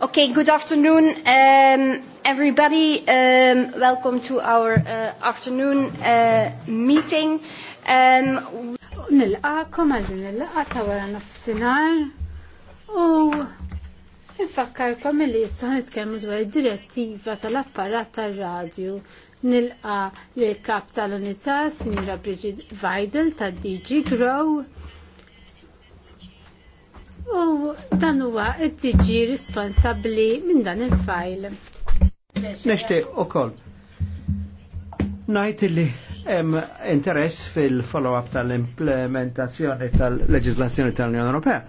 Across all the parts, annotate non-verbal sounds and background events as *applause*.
Okay, good afternoon, um, everybody. Um, welcome to our uh, afternoon uh, meeting. Um, Nil-għakom għaddin il-laqa ta' wara nofsinar u li jistan nitkellmu dwar direttiva tal-apparat tar-radju nilqa li kap tal unita Sinjora Brigid Weidel tal dg Grow U dan huwa tiġi responsabbli minn dan il-fajl. u koll. Najt li hemm interess fil-follow-up tal-implementazzjoni tal-leġislazzjoni tal-Unjoni Ewropea.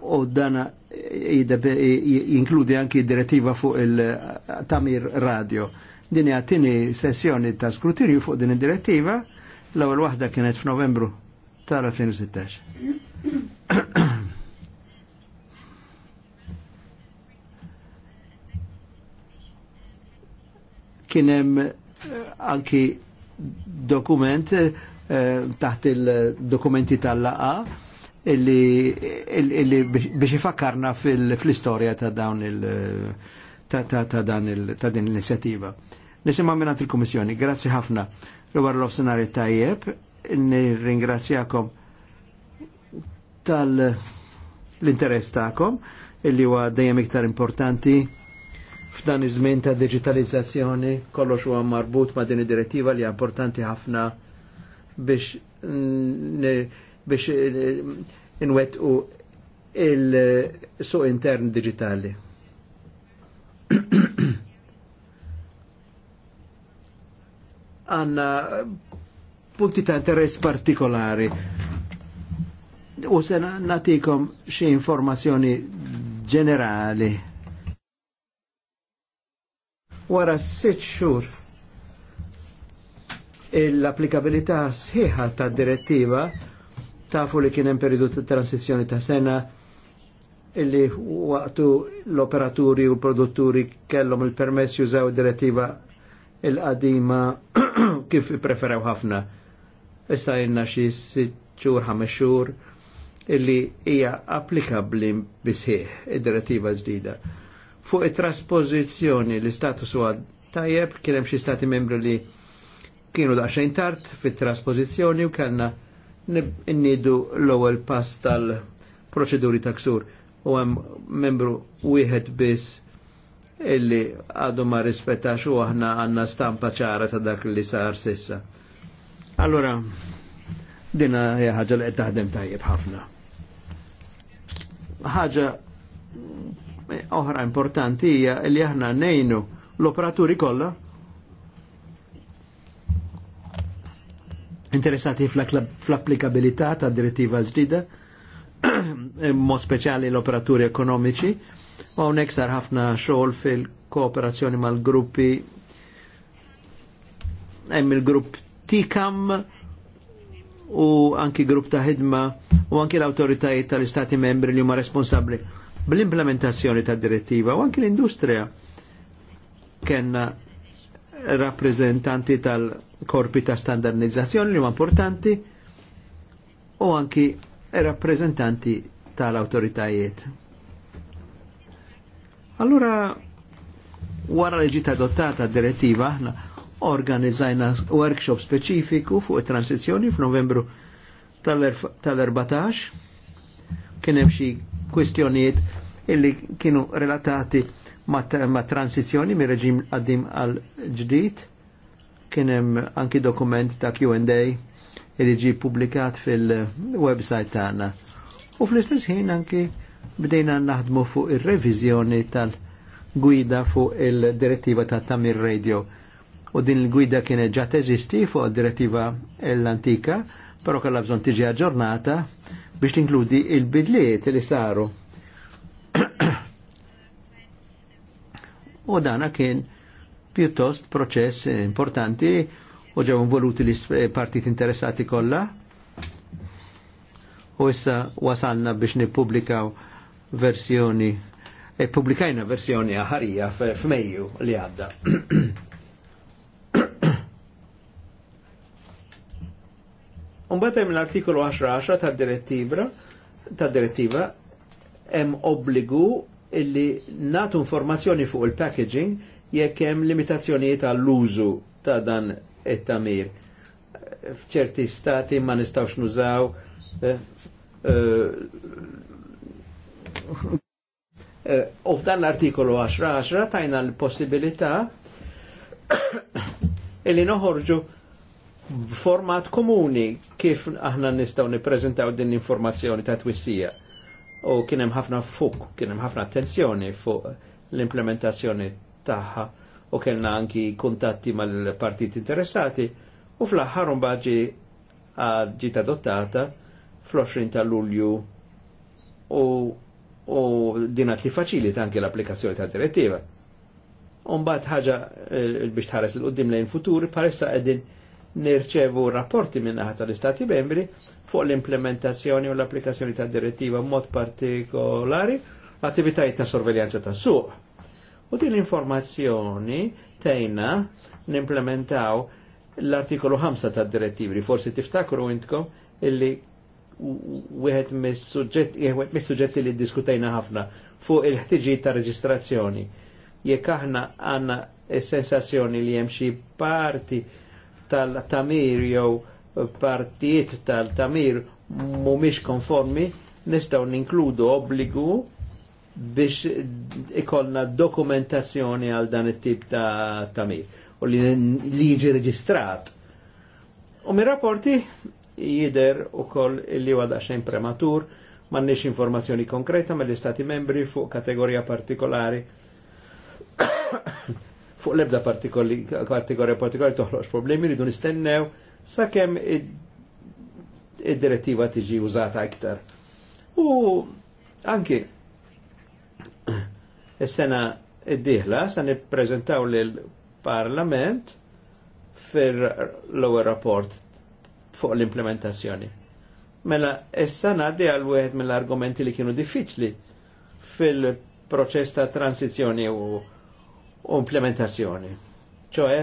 U dan jinkludi anki direttiva fuq il-tamir radio. Din hija tini sessjoni ta' skrutinju fuq din id-direttiva. L-ewwel waħda kienet f'Novembru tal-2016. *coughs* Kienem eh, anki dokument eh, taħt il-dokumenti tal-laqa illi, illi biex ifakkarna fil-istoria ta' dawn il- ta', dan ta din l-inizjativa. Nisimma minnant il-Komissjoni, grazzi ħafna l-għar l-ofsenari tajjeb, nirringrazzjakom tal-interess tagħkom illi huwa dejjem iktar importanti f'dan iż-żmien ta' digitalizzazzjoni kollox huwa marbut ma' din id-direttiva li importanti ħafna biex biex inwettqu il-suq intern digitali. *clears throat* Għanna punti ta' interess partikolari. U se natikom xie informazzjoni ġenerali. Wara sitt xhur l-applikabilità sħiħa ta' direttiva tafu li kien hemm periodu ta' transizjoni ta' sena illi waqtu l-operaturi u l-produtturi kellhom il-permess jużaw direttiva il-qadima *clears throat* kif preferaw ħafna issa jenna xi sitt xur ħames illi hija applikabbli bisħieħ id-direttiva ġdida. Fuq it-traspożizzjoni l-istatus huwa tajjeb kien hemm xi stati membri li kienu daqsxejn tard fit-traspożizzjoni u kellna nnidu l-ewwel pass tal-proċeduri ta' ksur u hemm membru wieħed biss illi għadu ma rispettax u aħna għanna stampa ċara ta' dak li sar sissa. Allora, dina hija ħaġa li qed taħdem tajjeb ħafna. Ħaġa eh, oħra importanti hija li aħna nejnu l-operaturi kollha interessati fl-applikabilità fl ta' direttiva ġdida, *clears throat* eh, mod speċjali l-operaturi ekonomiċi, ma' unek sar ħafna xogħol fil-kooperazzjoni mal-gruppi hemm il-grupp tikam u anki grupp ta' ħidma u anki l-autoritajiet tal-istati membri li huma responsabbli bl-implementazzjoni ta' direttiva u anki l-industrija kenna rappresentanti tal-korpi ta' standardizzazzjoni li huma importanti u anki rappresentanti tal-autoritajiet. Allora, wara li ġiet adottata d direttiva aħna organizzajna workshop speċifiku fuq it-transizjoni f'Novembru tal-14 kien hemm xi kwistjonijiet illi kienu relatati ma' transizjoni mir reġim qadim għal ġdid kien hemm anki dokument ta' Q&A illi ġi publikat fil-website tagħna. U fl-istess ħin anki bdejna naħdmu fuq ir-reviżjoni tal-gwida fuq il-direttiva ta' Tamir Radio u din il-gwida kienet ġa teżisti fuq direttiva l-antika, però kellha bżonn tiġi aġġornata biex tinkludi il-bidliet li saru. u dana kien pjuttost proċess importanti u ġew involuti li partit interessati kollha. U issa wasalna biex nippubblikaw versjoni e pubblikajna versjoni aħarija f'Mejju li għadda. *clears throat* Unbat hemm l-artikolu 10-10 tad-direttiva tad-direttiva hemm obbligu illi natu informazzjoni fuq il-packaging jekk hemm limitazzjonijiet għall-użu ta' dan it-tamir. F'ċerti stati ma nistawx nużaw eh, eh, eh, U f'dan l-artikolu 10-10 tajna l-possibilità *coughs* illi noħorġu format komuni kif aħna nistaw niprezentaw din l-informazzjoni ta' twissija. U kienem ħafna fuq, kienem ħafna attenzjoni fuq l-implementazzjoni tagħha u kellna anki kuntatti mal partiti interessati u fl-aħħar baġi ġiet adottata fl-20 ta' Lulju u u dinat li faċilita anke l-applikazzjoni ta' direttiva. Umbat ħaġa eh, biex tħares l-qoddim lejn futur, paressa qegħdin nirċevu rapporti minnaħat tal-Istati membri fuq l-implementazzjoni u l-applikazzjoni ta' direttiva mod partikolari l-attivitajiet ta' sorveljanza ta' suq. U din informazzjoni tejna nimplementaw l-artikolu 5 ta' direttivi, forsi tiftakru intkom illi wieħed mis-suġġetti li diskutajna ħafna fuq il-ħtiġijiet ta' reġistrazzjoni. Jekk aħna għandna sensazzjoni li hemm xi parti tal-tamir jew partijiet tal-tamir mumiex konformi, nistaw ninkludu obbligu biex ikollna dokumentazzjoni għal dan it-tip ta' tamir u li liġi reġistrat. U mi rapporti jider u koll li għadha xejn prematur, mannix informazzjoni konkreta mill-Istati membri fuq kategorija partikolari fuq lebda partikoli partikolari toħroġ problemi li nistennew sakemm id-direttiva tiġi użata iktar. U anki s *clears throat* sena id dihla sa nippreżentaw lil parlament fir l-ewwel rapport fuq l-implementazzjoni. Mela s-sena di għal wieħed mill-argumenti li kienu diffiċli fil-proċess ta' transizjoni u u implementazzjoni, ċoħe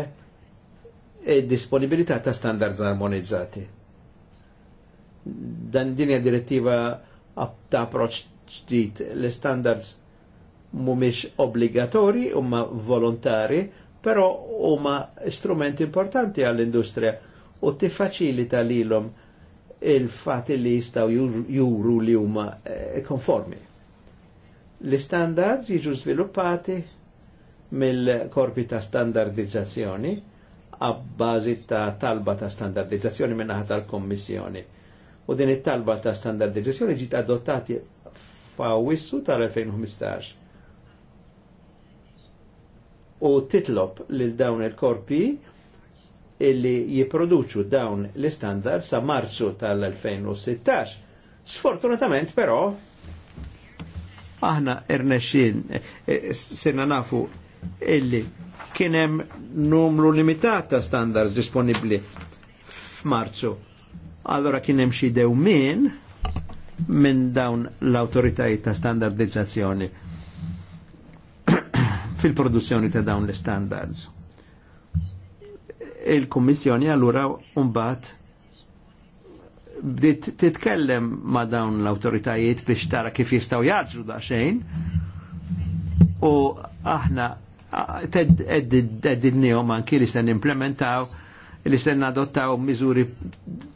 e disponibilità ta' standards armonizzati. Dan dinja direttiva ta' approċ ġdid l-standards mumiex obbligatori, umma volontari, però huma strumenti importanti għall industria u tiffaċilita lilhom il-fat li jistaw juru li umma e, e konformi. L-standards jiġu sviluppati mill-korpi ta' standardizzazzjoni għabbażi ta' talba ta' standardizzazzjoni minnaħat tal-Kommissjoni. U din it-talba ta' standardizzazzjoni ġiet adottati f'Awissu tal-2015. U titlob lil dawn il-korpi illi jiproduċu dawn l-istandard sa' marzu tal-2016. Sfortunatament però aħna irnexxin eh, eh, sirna nafu illi kienem numru limitat ta' standards disponibli f'Marzu. Allora kienem xi dewmin minn dawn l-autoritajiet ta' standardizzazzjoni *clears throat* fil-produzzjoni ta' dawn l-standards. Il-Kummissjoni allura mbagħad bdiet titkellem ma' dawn l-autoritajiet biex tara kif jistgħu jaġru da' xejn u aħna teddidnijom anki li sen implementaw li sen adottaw mizuri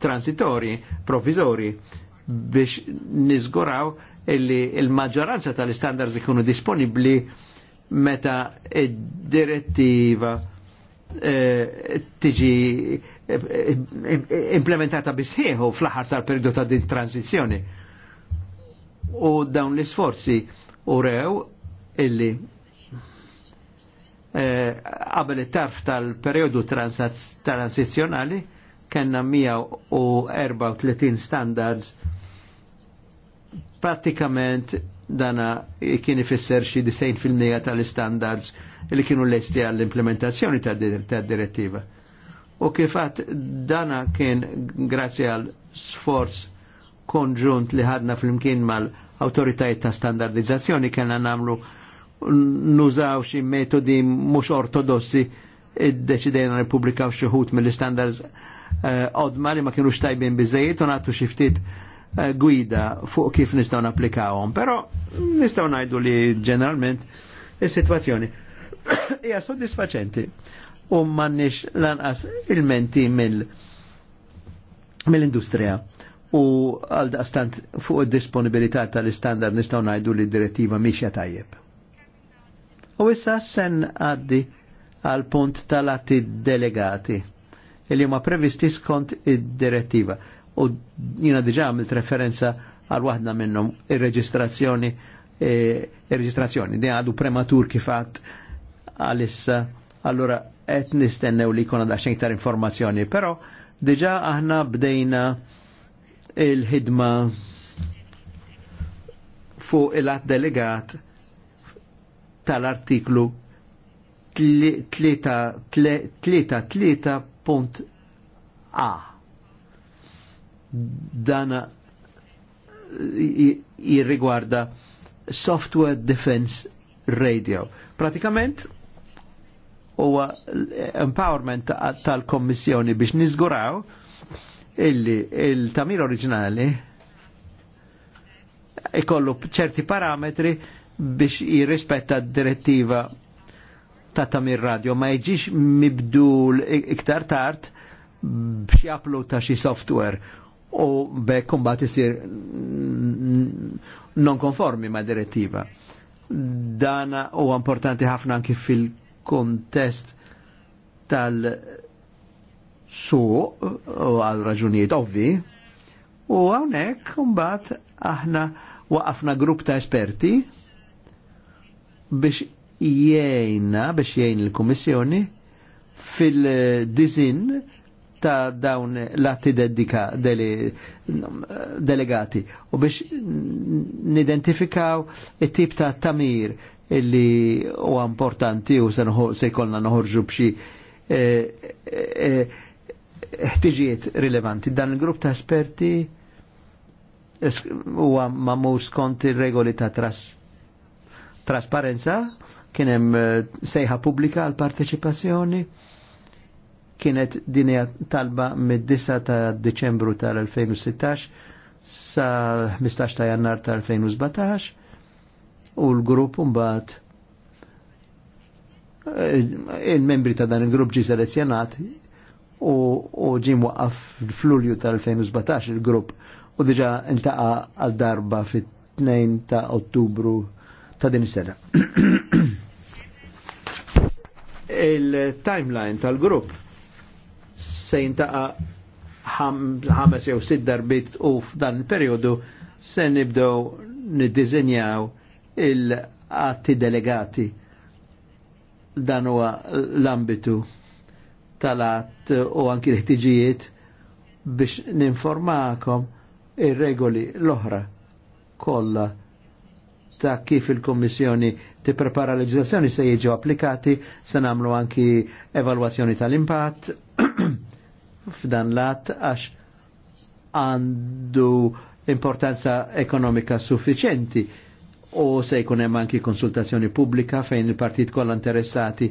transitori, provizori biex nizguraw illi il-maġġoranza tal-standards ikunu disponibli meta id-direttiva eh, tiġi eh, implementata bisħieħu fl-aħħar tal-periodu ta' din tranzizjoni. U dawn l-isforzi u rew illi Eh, qabel it-tarf tal-periodu transizjonali kena 134 standards pratikament dana kien ifisser xi 90% tal-standards li kienu lesti għall-implementazzjoni tad-direttiva. U kifat dana kien grazzi għal sforz konġunt li ħadna fl-imkien mal-autoritajiet ta' standardizzazzjoni kena namlu nużaw xi metodi mhux ortodossi id-deċidejna republikaw xi mill-standards eh, odma li ma kienu tajbin biżejjed u nagħtu xi ftit eh, gwida fuq kif nistgħu napplikawhom. Però nistgħu ngħidu li ġeneralment is-sitwazzjoni *coughs* hija soddisfaċenti u m'għandniex lanqas il-menti mill mill-industrija u għal daqstant fuq id-disponibilità tal-istandard nistgħu ngħidu li d-direttiva mixja tajjeb. U issa sen għaddi għal punt tal-atti delegati li ma previsti skont id-direttiva. U jina diġa għamilt referenza għal wahda minnum il reġistrazzjoni e, il reġistrazzjoni Din għadu prematur kifat għalissa allora et nistennew li kuna għandha xejn informazzjoni, pero diġa aħna bdejna il-ħidma fuq il-att delegat tal-artiklu 3.3.a. Dana jirrigwarda Software Defense Radio. Pratikament, huwa empowerment tal-Kommissjoni biex nizguraw illi il-tamir oriġinali ikollu ċerti parametri biex jirrispetta direttiva ta' tamir radio ma jġiġ mibdul iktar tard b'xi upload ta' xi software u bekk kumbat isir non konformi ma' direttiva. Dana u importanti ħafna anki fil-kontest tal su u għal raġunijiet ovvi u hawnhekk kumbat aħna waqafna grupp ta' esperti biex jiejna, biex jgħin il-Komissjoni fil-dizin ta' dawn l-atti dedika delegati u biex nidentifikaw it-tip ta' tamir illi u importanti u se jkollna noħorġu bxi eh, eh, ħtiġijiet rilevanti. Dan il-grupp ta' esperti u ma' skont regoli ta' trasparenza trasparenza, kien hemm eh, sejħa pubblika għal partecipazzjoni kienet dinja talba mid-9 ta' Deċembru tal-2016 sa 15 ta' Jannar tal-2017 u l-grupp mbagħad eh, il-membri ta' dan il-grupp ġi selezzjonat u, u ġi muqqaf fl-Lulju tal-2017 il-grupp u diġa intaqa għal darba fit-2 ta' Ottubru ta' din is-sena. *coughs* Il-timeline tal-grupp se jintaqa ħames jew sitt darbit u f'dan il-perjodu se nibdew niddiżinjaw il-atti delegati dan huwa l-ambitu tal-att u anki l-ħtiġijiet biex ninformakom ir-regoli l-oħra kollha ta' kif il-Kommissjoni tipprepara leġislazzjoni se jiġu applikati, se nagħmlu anki evalwazzjoni tal-impatt *clears throat* f'dan l-att għax għandu importanza ekonomika suffiċenti u se jkun hemm anki konsultazzjoni pubblika fejn il-partit kollha interessati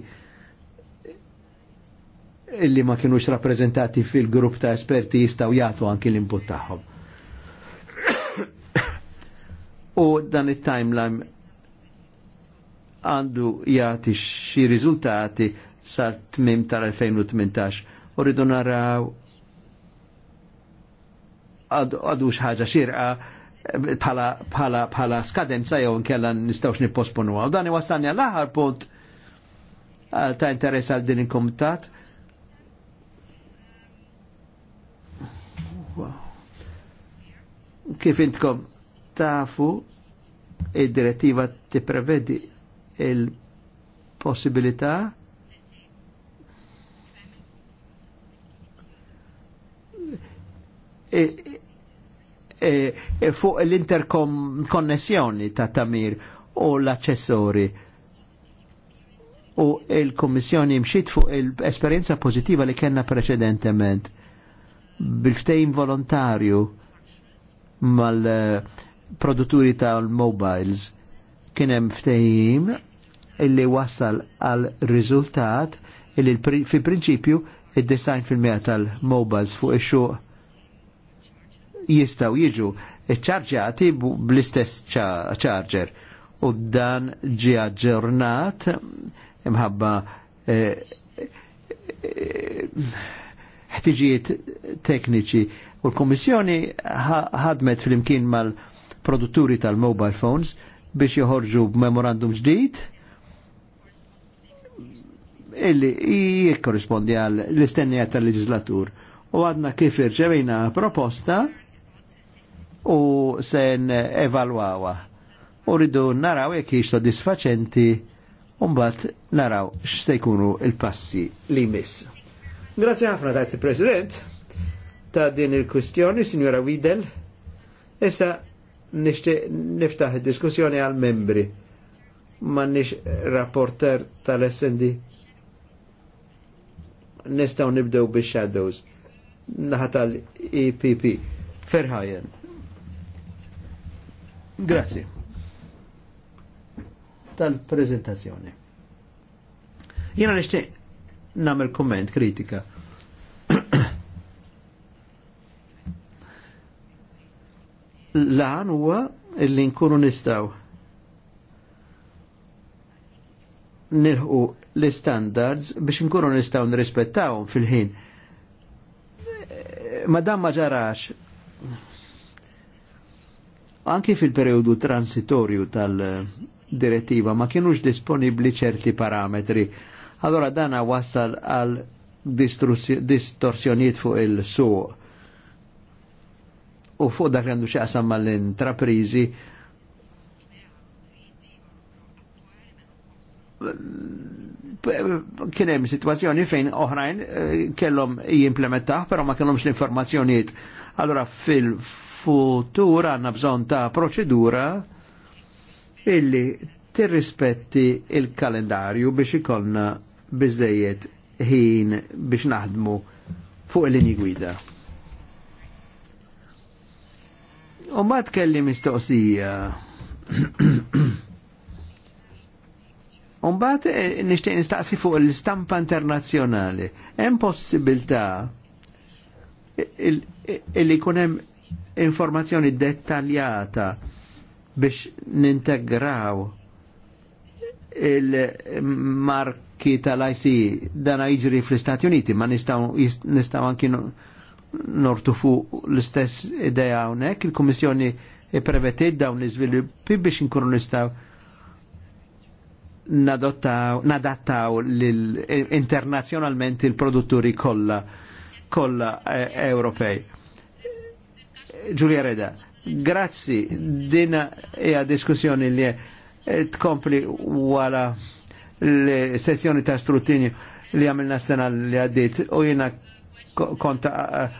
illi ma kienux rappresentati fil-grupp ta' esperti jistaw jagħtu anki l-input tagħhom u dan il-timeline għandu jati xi riżultati sar tmim tal-2018 u rridu naraw għadu xaħġa xirqa bħala skadenza jew nkella nistawx nipposponu għaw. Dan iwassani għall-aħar punt ta' interess għal din il-komitat. Kif intkom tafu il direttiva ti prevedi il-possibilità e, e, e fuq l-interkonnessjoni ta' tamir u l-accessori u il-Kommissjoni mxiet fuq l-esperienza pozitiva li kena precedentement bil-ftejn volontarju mal- uh, produtturi tal-mobiles kien hemm illi wassal għal riżultat illi fi prinċipju il design fil-mija tal-mobiles fuq ix-xuq jistaw jiġu ċarġati bl-istess ċarġer u dan ġi aġġornat imħabba eh, eh, ħtiġijiet tekniċi u l-Komissjoni ħadmet fl-imkien mal- produtturi tal-mobile phones biex joħorġu b'memorandum ġdid illi jikkorrispondi għal l-istennija tal-leġislatur. U għadna kif irċevejna proposta u sen evalwawa. U rridu naraw jek hix soddisfaċenti u mbagħad naraw x'se jkunu il-passi li miss. Grazie ħafna tajt President ta' din il-kwistjoni, Signora Widel. Issa nishtiq niftaħ diskussjoni għal membri ma nix rapporter tal-SND nistaw nibdew bi shadows naħa tal-EPP Ferħajen Grazie tal-prezentazzjoni. Jena nishti namel komment kritika l-għan huwa illi nkunu nistaw nilħu l-standards biex nkunu nistaw nirrispettawhom fil-ħin. Madam Maġarax. ma ġarax. Anki fil-periodu transitorju tal-direttiva ma kienux disponibli ċerti parametri. Allora dana wassal għal distorsjoniet fuq il-suq u fuq dak għandu xaqsam mal-intraprizi kien hemm sitwazzjoni fejn oħrajn eh, kellhom jimplementaħ, però ma kellhomx l-informazzjonijiet. Allora fil-futur għandna bżonn ta' proċedura illi tirrispetti il-kalendarju biex ikollna biżejjed ħin biex naħdmu fuq il-linji gwida. U ma tkelli mistoqsija. Umbat eh, nishtiq nistaqsi fuq l-istampa internazjonali. Hemm possibilità li jkun hemm informazzjoni dettaljata biex nintegraw il-marki tal-IC dan jiġri fl-Istati Uniti, ma nistaw, nistaw anki nortu fuq l-istess ideja hawnhekk, il-Kummissjoni ipprevetiet dawn l-iżviluppi biex inkunu nistgħu nadattaw internazzjonalment il-produtturi kollha kollha e, Ewropej. Giulia Reda, grazzi dina hija diskussjoni li tkompli wara l-sessjoni ta' strutinju li għamilna s-sena li għaddit u jina konta eh,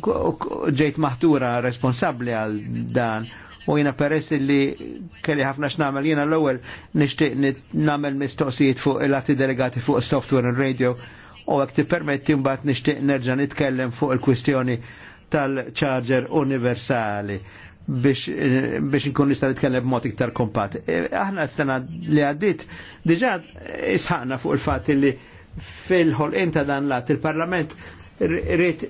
ġejt maħtura responsabli għal dan u jina peress li kelli ħafna x'namel jina l-ewwel nixtieq nagħmel mistoqsijiet fuq il-atti delegati fuq software and radio u għak tippermetti mbagħad nixtieq nerġa' nitkellem fuq il-kwistjoni tal-charger universali biex, eh, biex nkun nista' nitkellem b'mod iktar kompat. E, aħna s-sena li għaddit diġà isħaqna fuq il-fatt li fil-ħolqien ta' dan l-att il-Parlament rrit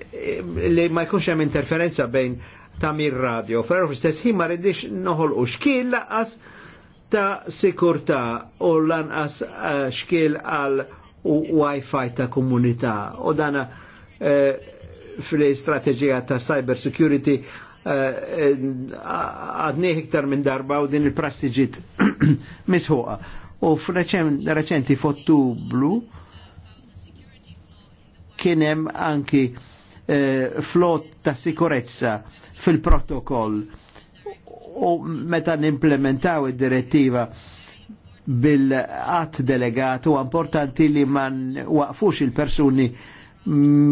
li ma jkunx hemm interferenza bejn tamir radio. Ferro fl-istess ħin ma rridix noħolqu xkien laqas ta' sikurtà u lanqas eh, xkien għal wifi ta' komunità. U dana eh, fl-istrateġija ta' cyber security eh, għadni iktar minn darba u din il-prassi *clears throat* misħuqa. U f'reċenti fottu blu kienem anki eh, flot ta' sikurezza fil-protokoll u meta nimplementaw id-direttiva bil għat delegat u importanti li man waqfux il-persuni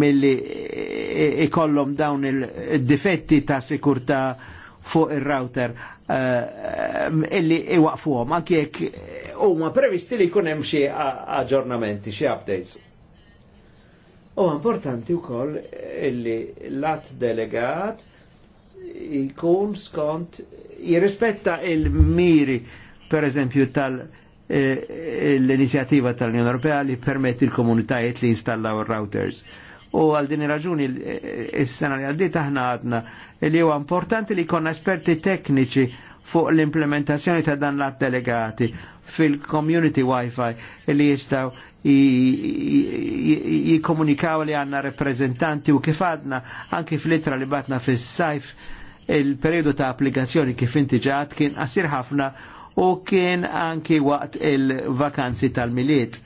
mill-li ikollom dawn il-difetti ta' sikurta fuq il-router uh, illi iwaqfuhom anke jekk huma previsti li jkun hemm xi aġġornamenti, xi updates. U importanti u koll illi l-att delegat jikun skont jirrispetta il-miri per eżempju tal- eh, l-inizjativa tal-Unjoni Ewropea li permetti l-komunitajiet li installaw routers. U għal din raġuni eh, s-sena li għaddit aħna għadna li huwa importanti li konna esperti tekniċi fuq l-implementazzjoni ta' dan l-att delegati fil-community wifi li jistaw jikomunikaw li għanna reprezentanti u kif anki fl-itra li batna fis sajf il-periodu ta' applikazzjoni kif inti ġat kien qasir ħafna u kien anki waqt il-vakanzi tal-miliet.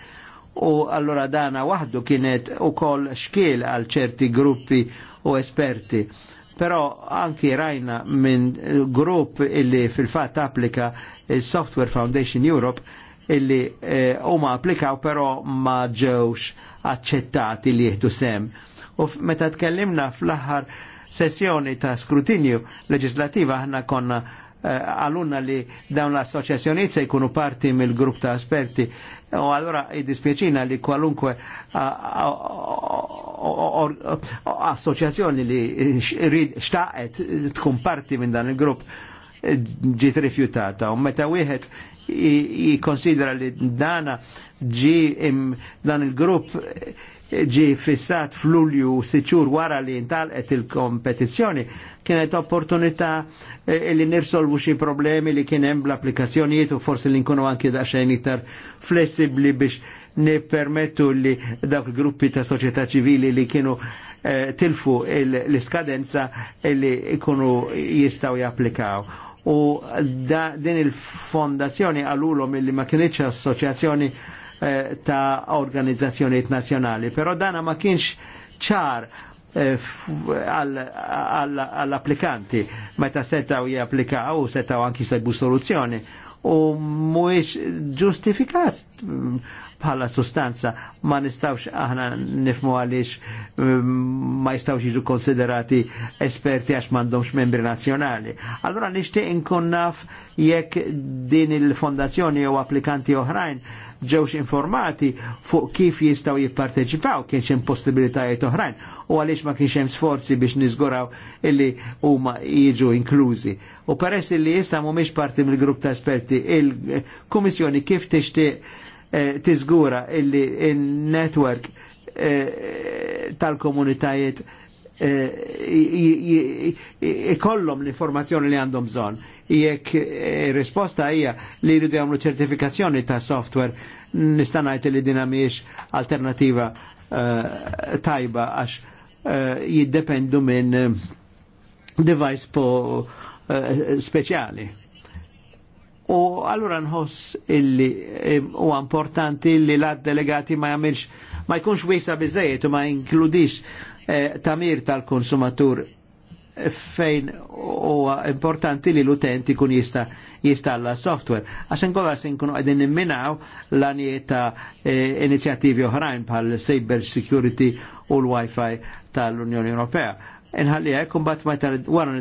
U allora dana waħdu kienet u koll xkiel għal ċerti gruppi u esperti. Però anki rajna minn grupp illi fil-fat applika il-Software Foundation Europe illi eh, huma e, applikaw però ma ġewx aċċettati li jieħdu sem. U meta tkellimna fl-aħħar sessjoni ta' skrutinju leġislativa aħna konna eh, għalunna li dawn l-assoċjazzjoniet se jkunu parti mill-grupp ta' esperti. U allora id-dispieċina li kwalunkwe assoċjazzjoni li xtaqet tkun parti minn dan il-grupp eh, ġiet rifjutata. U meta wieħed jikonsidra li dana ġi dan il-grupp ġi fissat f'Lulju siċur wara li intalqet il kompetizjoni kienet opportunità eh, li nirsolvu xi problemi li kien hemm l applikazzjonijiet u forsi li nkunu anki daqsxejn iktar flessibbli biex nippermettu li dawk il-gruppi ta' soċjetà ċivili li kienu eh, tilfu l-iskadenza li jkunu jistaw japplikaw u din il-fondazzjoni għalulom illi ma kienieċ assoċjazzjoni eh, ta' organizzazzjonijiet nazzjonali, però dana ma kienx ċar għall-applikanti eh, meta setaw u setaw anki segbu soluzzjoni u mhuwiex ġustifikat bħala sustanza ma nistawx aħna nifmu għaliex um, ma jistawx jiġu konsiderati esperti għax mandomx membri nazjonali. Allora nishtiq inkun naf jekk din il-fondazzjoni jew applikanti oħrajn ġewx informati fuq kif jistaw jipparteċipaw kienx hemm possibilitajiet oħrajn u għaliex ma kienx hemm sforzi biex niżguraw illi huma jiġu inklużi. U peress illi issa mhumiex parti mill-grupp ta' esperti il-Kummissjoni kif tixtieq Eh, tiżgura illi il-network eh, tal-komunitajiet eh, ikollom l-informazzjoni li għandhom bżonn. Jekk risposta hija li jridu jagħmlu ċertifikazzjoni ta' software nista' ngħid li din mhijiex alternativa tajba għax jiddependu minn device po speċjali. U allura nħoss illi eh, u importanti li l delegati ma jamilx, ma jkunx wisa bizzejiet u ma jinkludix eh, tamir tal-konsumatur fejn u importanti li l utenti kun jista jistalla software. Għaxen kolla sin kunu għedin imminaw l-għaniet eh, inizjativi oħrajn pal cyber security u l-Wi-Fi tal-Unjoni Ewropea nħalli għek, un bat meta għara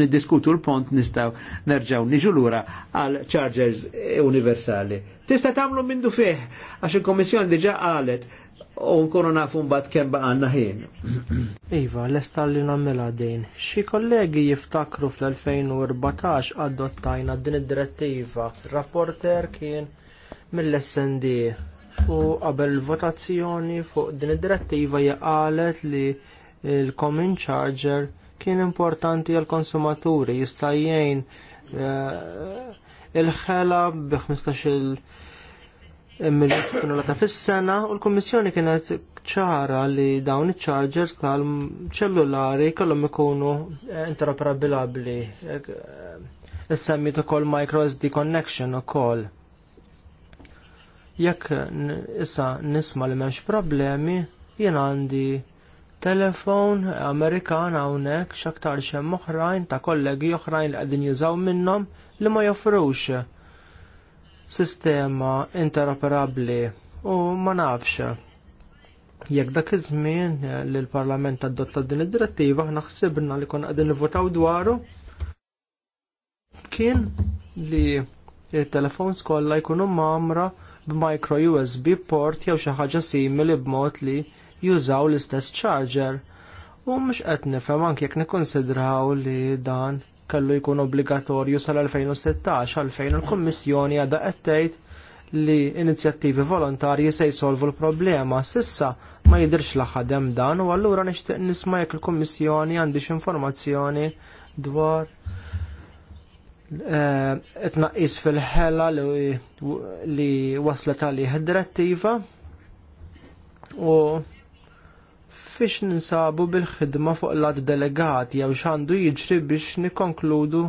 niddiskutu l-pont nistaw nerġaw niġu lura għal chargers universali. Tista tamlu mindu fih, għax il komissjon diġa għalet u nkunu nafu mbagħad kemm għanna ħin. *clears throat* Iva, lesta li nagħmilha din. Xi kollegi jiftakru fl-2014 adottajna din id-direttiva. Rapporter kien mill-SND u qabel votazzjoni fuq din id-direttiva jgħalet li il-common charger kien importanti għall konsumaturi jista' jgħin eh, il-ħela bi 15 miljon tonnellata fis-sena u l-Kummissjoni kienet ċara li dawn il chargers tal-ċellulari kellhom ikunu interoperabilabbli. Issemmi kol micro SD connection ukoll. Jekk issa nisma li m'hemmx problemi, jien għandi telefon Amerikan hawnhekk x'aktar xemm oħrajn ta' kollegi oħrajn li qegħdin jużaw minnhom li ma joffrux sistema interoperabbli u ma nafx. Jekk dak iż-żmien li l-Parlament adotta din id-direttiva aħna ħsibna li konna qegħdin nivvotaw dwaru kien li il-telefons kollha jkunu mamra b'micro USB port jew xi ħaġa simili b'mod li jużaw l-istess charger u mhux qed nifhem anke jekk nikkonsidraw li dan kellu jkun obbligatorju sal-2016 għalfejn il-Kummissjoni għadha qed tgħid li inizjattivi volontarji se jsolvu l-problema sissa ma jidhirx ħadem dan u allura nixtieq nisma' jekk il-Kummissjoni għandix informazzjoni dwar eh, tnaqqis fil-ħela li waslet għalih direttiva u fiex ninsabu bil-ħidma fuq l-għad delegati jew xandu jiġri biex nikkonkludu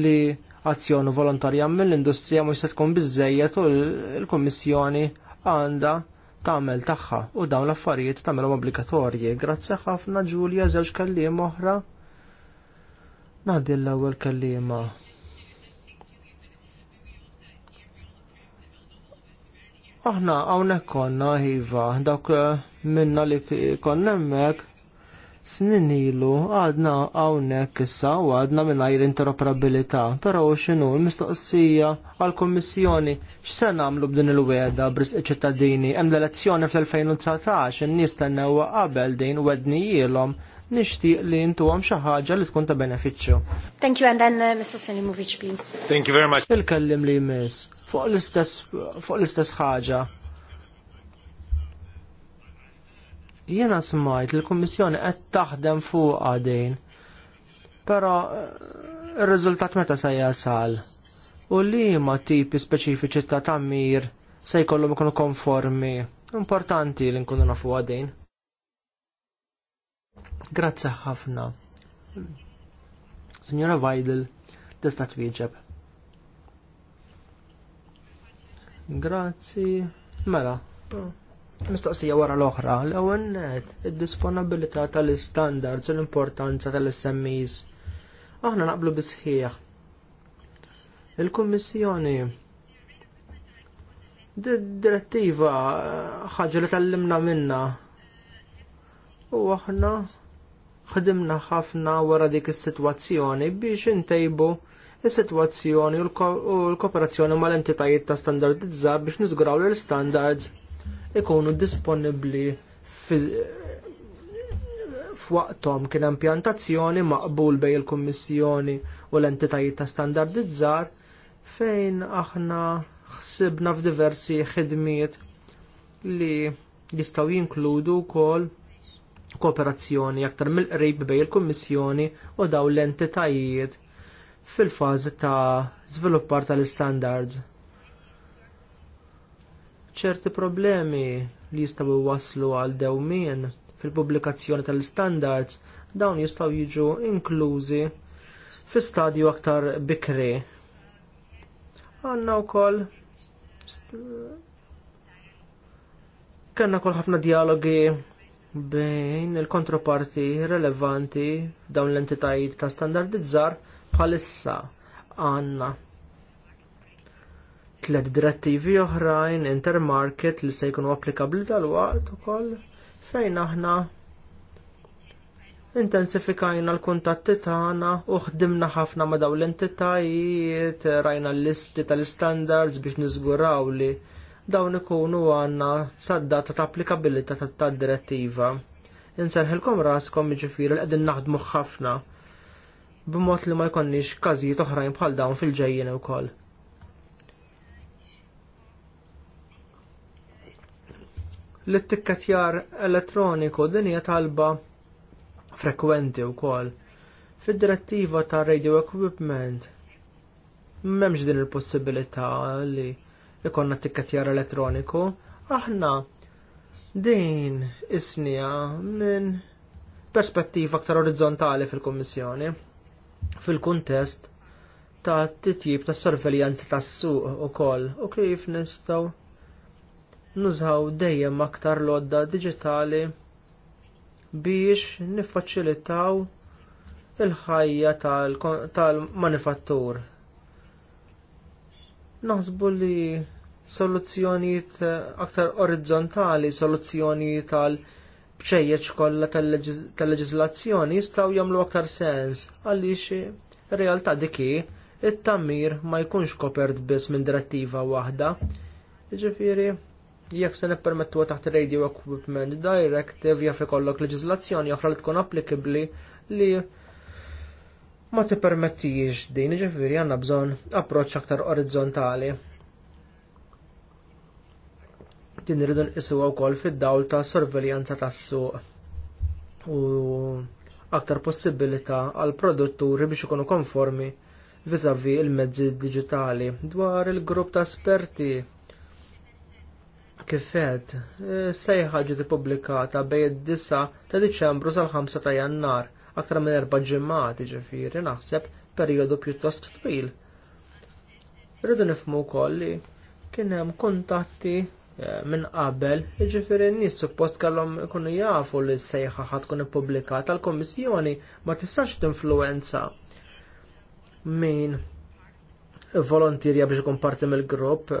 li azzjonu volontarja mill-industrija mhux se tkun biżejjed u l-Kummissjoni għandha tagħmel tagħha u dawn l-affarijiet tagħmelhom obbligatorji. Grazzi ħafna Ġulja żewġ kelliem oħra. Nagħdi l-ewwel kelliema Aħna hawnhekk konna iva, dak eh, minna li konna hemmhekk snin ilu għadna hawnhekk issa u għadna mingħajr interoperabilità, però x'inhu l-mistoqsija għall-Kummissjoni x'se nagħmlu b'din il-weda bris iċ-ċittadini hemm l-elezzjoni fl-2019 in-nies tennewwa qabel din wednijilhom nixtieq li intuhom xi ħaġa li tkun ta' benefiċċju. Thank you and then uh, Mr. Selimovic please. Thank you very much. Il-kellim li jmiss fuq l-istess ħaġa. Jiena smajt li l kommissjoni qed taħdem fuq għadin, Però eh, il riżultat meta se jasal u li ma tipi speċifiċi ta' tammir se jkollhom ikunu konformi. Importanti li nkunu nafu għadin. Grazzi ħafna. Signora Weidel, tista' twieġeb. Grazzi. Mela, mistoqsija wara l-oħra, l-ewwel net, id-disponibilità tal-istandards u l-importanza tal-SMEs. Aħna naqblu bisħieħ. Il-Kummissjoni direttiva ħaġa li tallimna minna. U aħna ħdimna ħafna wara dik is-sitwazzjoni biex intejbu is-sitwazzjoni u l-kooperazzjoni mal-entitajiet ta' standardizza biex niżgraw l standards ikunu disponibbli f'waqthom kien hemm pjantazzjoni maqbul bejn il-Kummissjoni u l-entitajiet ta' standardizzar fejn aħna ħsibna f'diversi ħidmiet li jistgħu jinkludu wkoll kooperazzjoni aktar mill-qrib bej il-Kummissjoni u daw l-entitajiet fil-fażi ta' żviluppar tal-istandards. ċerti problemi li jistgħu waslu għal dewmien fil-pubblikazzjoni tal-istandards dawn jistgħu jiġu inklużi fi stadju aktar bikri. Għanna wkoll koll kol ħafna dialogi bejn il-kontroparti relevanti f'dawn l-entitajiet ta' standardizzar bħalissa għandna tlet direttivi oħrajn intermarket li se jkunu applikabbli tal-waqt ukoll fejn aħna intensifikajna l-kuntatti tagħna u ħdimna ħafna ma' dawn l-entitajiet, rajna l-listi tal-standards biex niżguraw li dawn ikunu għandna sad-data ta' applikabilità tad direttiva. Inserħilkom raskom jiġifieri li qegħdin naħdmu ħafna b'mod li ma jkollniex każijiet oħrajn bħal dawn fil-ġejjin ukoll. L-tikketjar elettroniku din hija talba frekwenti wkoll. Fid-direttiva tar radio equipment m'hemmx din il-possibilità li ikonna tikketjar elettroniku, aħna din isnija minn perspettiva aktar orizzontali fil-Kommissjoni fil-kuntest ta' titjib ta' sorveljanza tas suq ukoll u kif nistgħu nużaw dejjem aktar lodda digitali biex niffaċilitaw il-ħajja tal-manifattur. Naħsbu li soluzzjonijiet eh, aktar orizzontali, soluzzjoni tal bċejjeċ kollha tal leġizlazzjoni jistgħu jagħmlu aktar sens għaliex realtà diki it-tammir ma jkunx kopert biss minn direttiva waħda. Jiġifieri jekk se nippermettu taħt Radio Equipment Directive jaf ikollok leġiżlazzjoni oħra li tkun applikabbli li ma tippermettijiex din, jiġifieri għandna bżonn approċċ aktar orizzontali din iridu nqisu wkoll fid-dawl ta' sorveljanza tas-suq u aktar possibilità għal produtturi biex ikunu konformi viżavi il-mezzi diġitali dwar il-grupp ta' esperti kifed e, sejħa ġiet ippubblikata bejn id-9 ta' Diċembru sal-5 ta' Jannar aktar minn erba' ġimgħat ġifieri naħseb perjodu pjuttost twil. Irridu nifhmu wkoll li kien hemm kuntatti minn qabel, jiġifieri n-nies suppost kellhom ikunu jafu li s-sejħa ħadd ippubblikata l-Kummissjoni ma tistax tinfluwenza min volontirja biex ikun parti mill-grupp.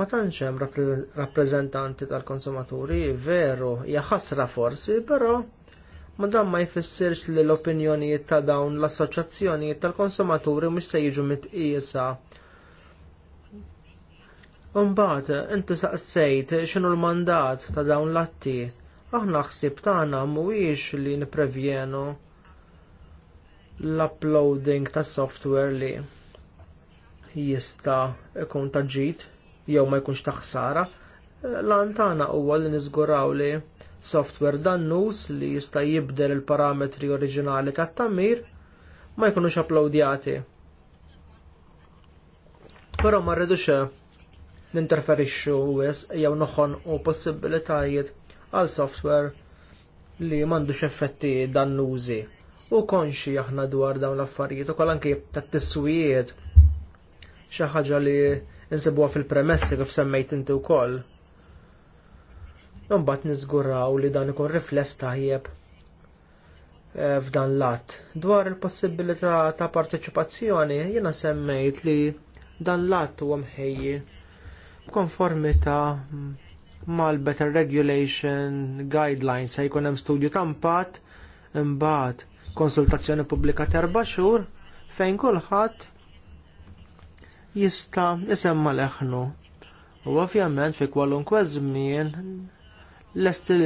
Ma tantx hemm rappreżentanti tal-konsumaturi, veru, hija ħasra forsi, però ma dan ma jfissirx li l-opinjonijiet ta' dawn l-assoċjazzjonijiet tal-konsumaturi mhux se jiġu mitqiesa Imbagħad inti saqsejt x'inhu l-mandat ta' dawn l-atti. Aħna ħsieb tagħna mhuwiex li nipprevjenu l-uploading ta' software li jista' ikun ta' ġid jew ma jkunx ta' ħsara. Lan tagħna huwa li niżguraw li software dannuż li jista' jibdel il-parametri oriġinali tat-tammir ma jkunux uploadjati. Però ma rridux ninterferixxu wis jew noħon u possibilitajiet għal software li m'għandux effetti dannużi. U konxi aħna dwar dawn l-affarijiet ukoll anke tat-tiswijiet xi ħaġa li insibuha fil-premessi kif semmejt inti wkoll. Imbagħad niżguraw li dan ikun rifless tajjeb eh, f'dan l-att. Dwar il-possibilità ta' parteċipazzjoni jiena semmejt li dan l-att huwa mħejji konformita mal-Better Regulation Guidelines se jkun hemm studju tampat imbagħad konsultazzjoni pubblika ta' erba xhur fejn kulħadd jista' isemma leħnu. U ovvjament fi kwalunkwe żmien lesti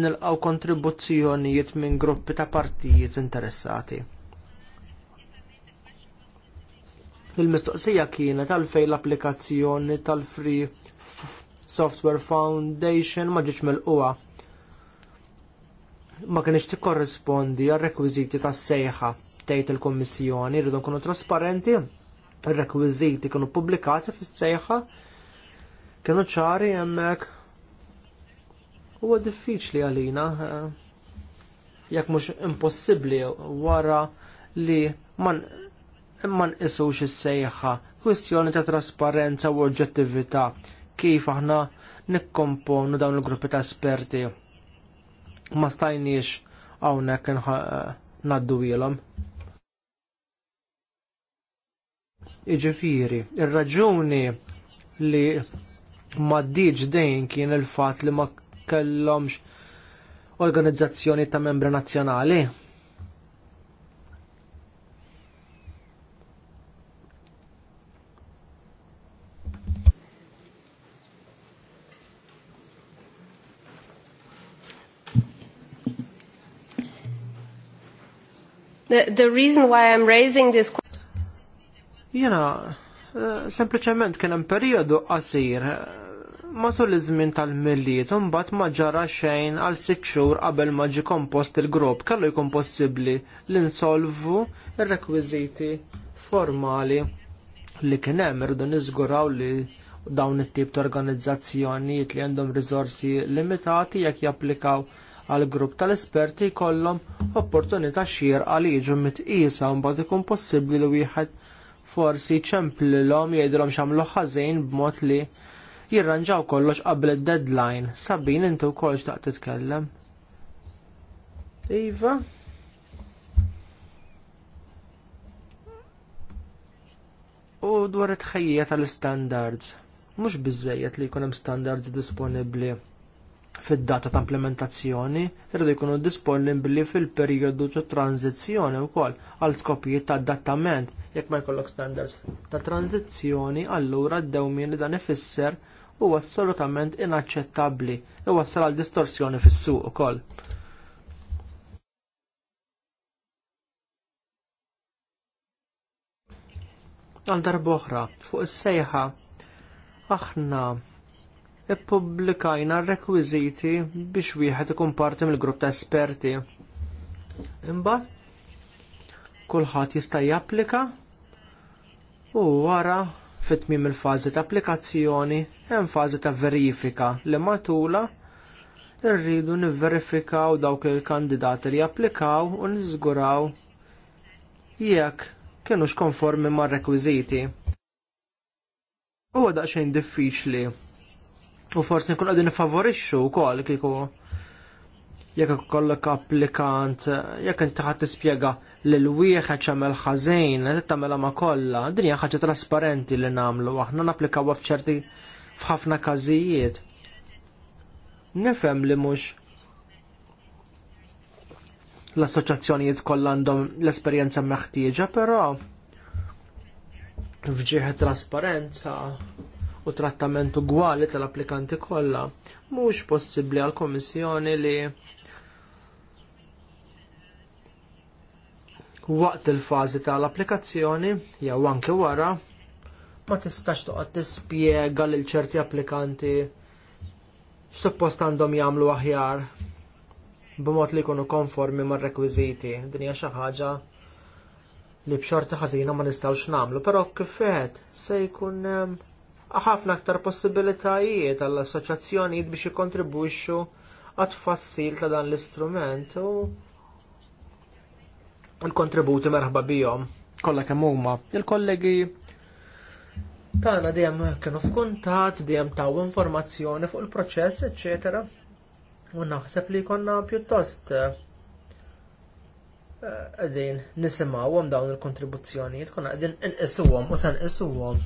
nilqgħu kontribuzzjonijiet minn gruppi ta' partijiet interessati. Il-mistoqsija kienet għalfejn l-applikazzjoni tal-Free Software Foundation ma ġietx mel qwa Ma kienx tikkorrispondi għal rekwiżiti tas-sejħa tgħid il-Kummissjoni rridu kunu trasparenti, ir-rekwiżiti kienu pubblikati fis-sejħa, kienu ċari hemmhekk. Huwa diffiċli għalina eh, jekk mhux impossibbli wara li man imma nqisux is-sejħa kwistjoni ta' trasparenza u oġġettività kif aħna nikkomponu dawn il-gruppi ta' esperti. Ma stajniex hawnhekk naddu ilhom. Iġifiri, ir-raġuni li ma dejn kien il-fatt li ma kellhomx organizzazzjoni ta' membri nazzjonali The, reason why I'm raising this question... Eh, sempliciment kien hemm perjodu qasir eh, matul iż-żmien tal-milliet u mbagħad ma ġara xejn għal sitt xhur qabel ma ġi kompost il-grupp kellu jkun possibbli li nsolvu r-rekwiżiti formali li kien hemm irridu niżguraw li dawn it-tip ta' organizzazzjonijiet li għandhom riżorsi limitati jekk japplikaw għal grupp tal-esperti jkollhom opportunità xierqa li jiġu mitqisa mbagħad ikun possibbli li wieħed forsi ċemplilhom jgħidilhom x'għamlu ħażin b'mod li jirranġaw kollox qabel id-deadline. Sabin inti wkoll x'taq titkellem. Iva. U dwar it-tħejjija tal-standards. Mhux biżejjed li jkun hemm standards disponibbli fid-data ta' implementazzjoni irridu jkunu disponibbli fil-perjodu ta' tranzizzjoni wkoll għal skopijiet ta' adattament jekk ma jkollok standards ta' tranzizzjoni allura d-dewmien li dan ifisser huwa assolutament inaċċettabbli u wassal għal distorsjoni fis-suq ukoll. Għal darboħra fuq is-sejħa aħna ippubblikajna r-rekwiżiti biex wieħed ikun parti mill-grupp ta' esperti. Imbagħad kulħadd jista' japplika u wara fit-tmiem il-fażi ta' applikazzjoni hemm fażi ta' verifika li matula irridu nivverifikaw dawk il-kandidati li japplikaw u niżguraw jekk kienux konformi mar-rekwiżiti. Huwa daqsxejn diffiċli u forsi nkun għadin favorixxu wkoll kieku jekk ikollok applikant, jekk inti ħadd tispjega lil wieħed x'għamel ħażin, qed tagħmelha ma kollha, din hija ħaġa trasparenti li nagħmlu aħna napplikawha f'ċerti f'ħafna każijiet. Nifhem li mhux l-assoċjazzjonijiet kollha għandhom l-esperjenza meħtieġa, però fġieħ trasparenza u trattament ugwali tal-applikanti kollha. Mhux possibbli għall komissjoni li waqt il-fażi tal-applikazzjoni jew anke wara ma tistax toqgħod tispjega lil ċerti applikanti suppost għandhom jagħmlu aħjar b'mod li jkunu konformi mar-rekwiżiti. Din hija xi ħaġa li b'xorta ħażina ma nistgħux nagħmlu, però kif se jkun hemm ħafna aktar possibilitajiet għall assoċjazzjonijiet biex jikkontribwixxu għat-fassil ta' dan l-istrument u l-kontributi merħba bijom kollha kemm huma. Il-kollegi tagħna dejjem kienu f'kuntatt, dejjem taw informazzjoni fuq il-proċess, eċetera. U naħseb li konna pjuttost eh, għedin nisimawom dawn il-kontribuzzjonijiet, konna għedin n u san nqisuhom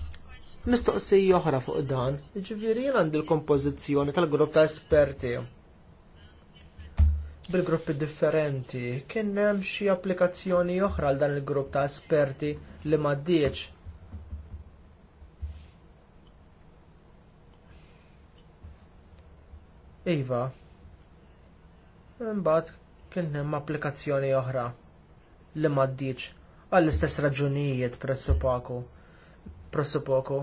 mistoqsi oħra fuq dan, ġifieri jien għandi kompozizjoni kompożizzjoni tal-grupp ta' esperti bil-gruppi differenti, kien hemm xi applikazzjoni oħra għal dan il-grupp ta' esperti li m'għaddiex. Iva, imbagħad kien hemm applikazzjoni oħra li m'għaddiex għall-istess raġunijiet pressupoku. Pressupoku,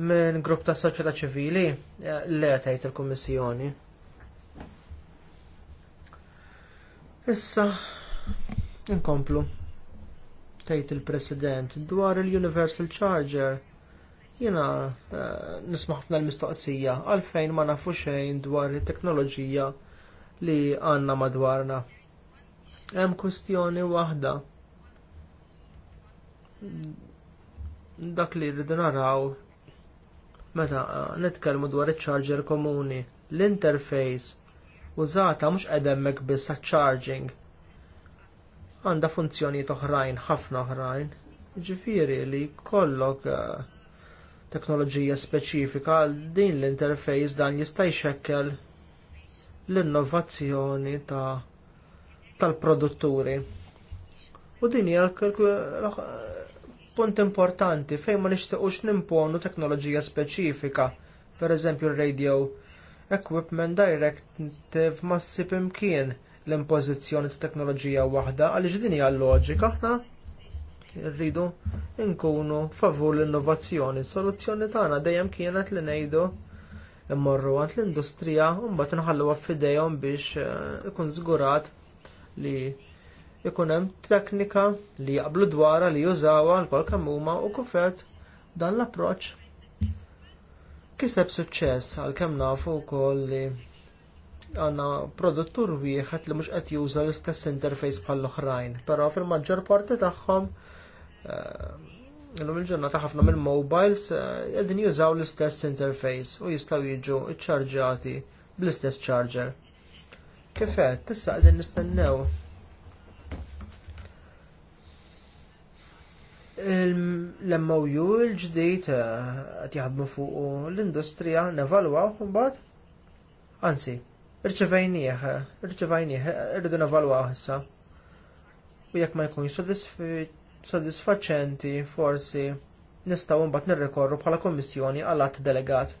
minn grupp ta' soċjetà ċivili eh, le tgħid il-Kummissjoni. Issa inkomplu tgħid il-President dwar il-Universal Charger jina eh, nisma' ħafna l-mistoqsija għalfejn ma nafu xejn dwar it-teknoloġija li għandna madwarna. Hemm kwestjoni waħda dak li rridu naraw Meta eh, nitkellmu dwar iċ-charger komuni, l-interface użata mhux qed hemmhekk biss charging għandha funzjonijiet oħrajn, ħafna oħrajn. Jiġifieri li jkollok eh, teknoloġija speċifika għal din l-interface dan jista' jxekkel l-innovazzjoni tal-produtturi. U din hija punt importanti fejn ma nixtiequx nimponu teknoloġija speċifika, pereżempju r-radio Equipment Directive ma ssib imkien l-impożizzjoni ta' teknoloġija waħda għaliex din hija loġika aħna rridu nkunu favur l-innovazzjoni. Soluzzjoni tagħna dejjem kienet li ngħidu immorru għand l-industrija u mbagħad inħalluha f'idejhom biex eh, ikun żgurat li ikun hemm teknika li jaqblu dwara li jużawha l-kol kemm huma u kufet dan l-approċċ kiseb suċċess għalkemm nafu wkoll li għandna produttur wieħed li mhux qed juża l-istess interface bħall-oħrajn, però fil-maġġor parti tagħhom eh, Illum il-ġurnata ħafna mill-mobiles eh, qegħdin jużaw l-istess interface u jistgħu jiġu ċċarġati bl-istess charger. Kif qed issa qegħdin nistennew l-MOU l-ġdijt eh, għat jaħdmu fuq l-industrija nevalwaw mbagħad. Anzi, irċevajnieħ, irċevajnieħ, irridu nevalwaw issa. U jekk ma jkunx sodisfaċenti forsi nistgħu mbagħad nirrikorru bħala kommissjoni għal att delegat.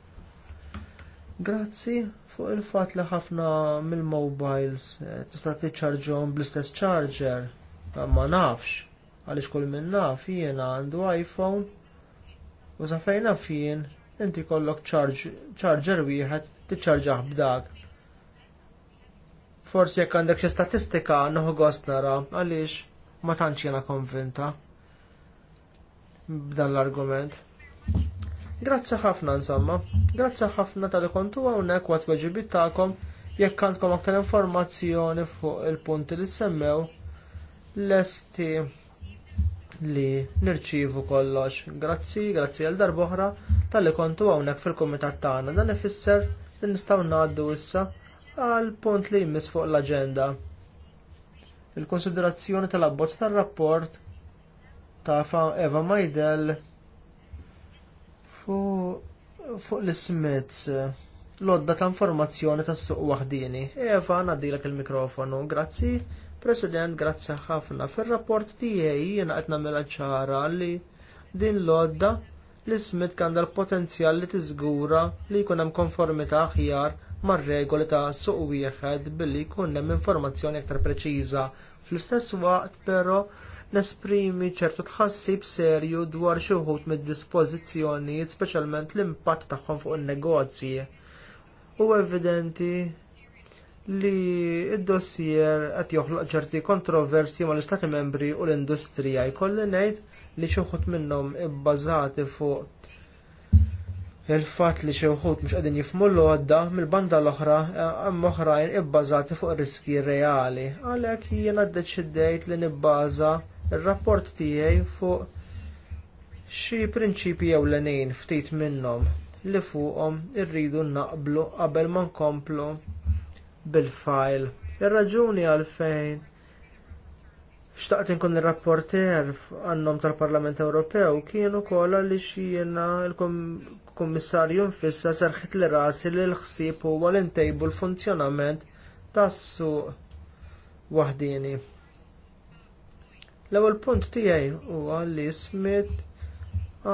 Grazzi fuq il-fatt li ħafna mill-mobiles eh, tista' tiċċarġhom bl-istess charger, ma nafx għaliex kull minn naf għandu iPhone u zafajna fijen naf jien inti kollok charger wieħed tiċċarġaħ b'dak. Forsi jekk għandek xi statistika noħgost nara għaliex ma tantx jiena konvinta b'dan l-argument. Grazzi ħafna insomma, grazzi ħafna tal-kontu għawnek għat weġibit ta'kom jekk għandkom aktar informazzjoni fuq il-punti li semmew lesti li nirċievu kollox. Grazzi, grazzi għal darboħra tal-li kontu hawnhekk fil kumitat tagħna. Dan ifisser li nistgħu ngħaddu issa għal punt li jmiss fuq l-aġenda. Il-konsiderazzjoni tal-abbozz tar-rapport ta' Eva Majdel fuq l-Smiths l ta' informazzjoni tas suq waħdini. Eva, nadilek il-mikrofonu. Grazzi. President, grazzi ħafna. Fil-rapport tiegħi jiena qed nagħmilha ċara li din l-odda li smit kan l potenzjal li tiżgura li jkun hemm konformità aħjar mar-regoli ta' suq wieħed billi jkun hemm informazzjoni aktar preċiża. Fl-istess waqt però nesprimi ċertu tħassib serju dwar xi wħud mid-dispożizzjonijiet speċjalment l-impatt tagħhom fuq in-negozji. U evidenti li id-dossier qed joħloq ċerti kontroversi mal istati membri u l-industrija. Jkolli ngħid li xi wħud minnhom ibbażati fuq il-fatt li xi wħud mhux qegħdin jifhmu l-għodda mill-banda l-oħra eh, hemm oħrajn ibbażati fuq riski reali. Għalhekk jiena ddeċidejt li nibbaża r-rapport tiegħi fuq xi prinċipji ewlenin ftit minnhom li fuqhom irridu naqblu qabel ma nkomplu bil-fajl. Ir-raġuni għalfejn xtaqt inkun il-rapporter għannom tal-Parlament Ewropew kienu kolla li xiena l kommissarju nfissa serħit li rasi li l-ħsib u għal-intejbu l-funzjonament tas-suq wahdini. L-ewwel punt tiegħi huwa li Smith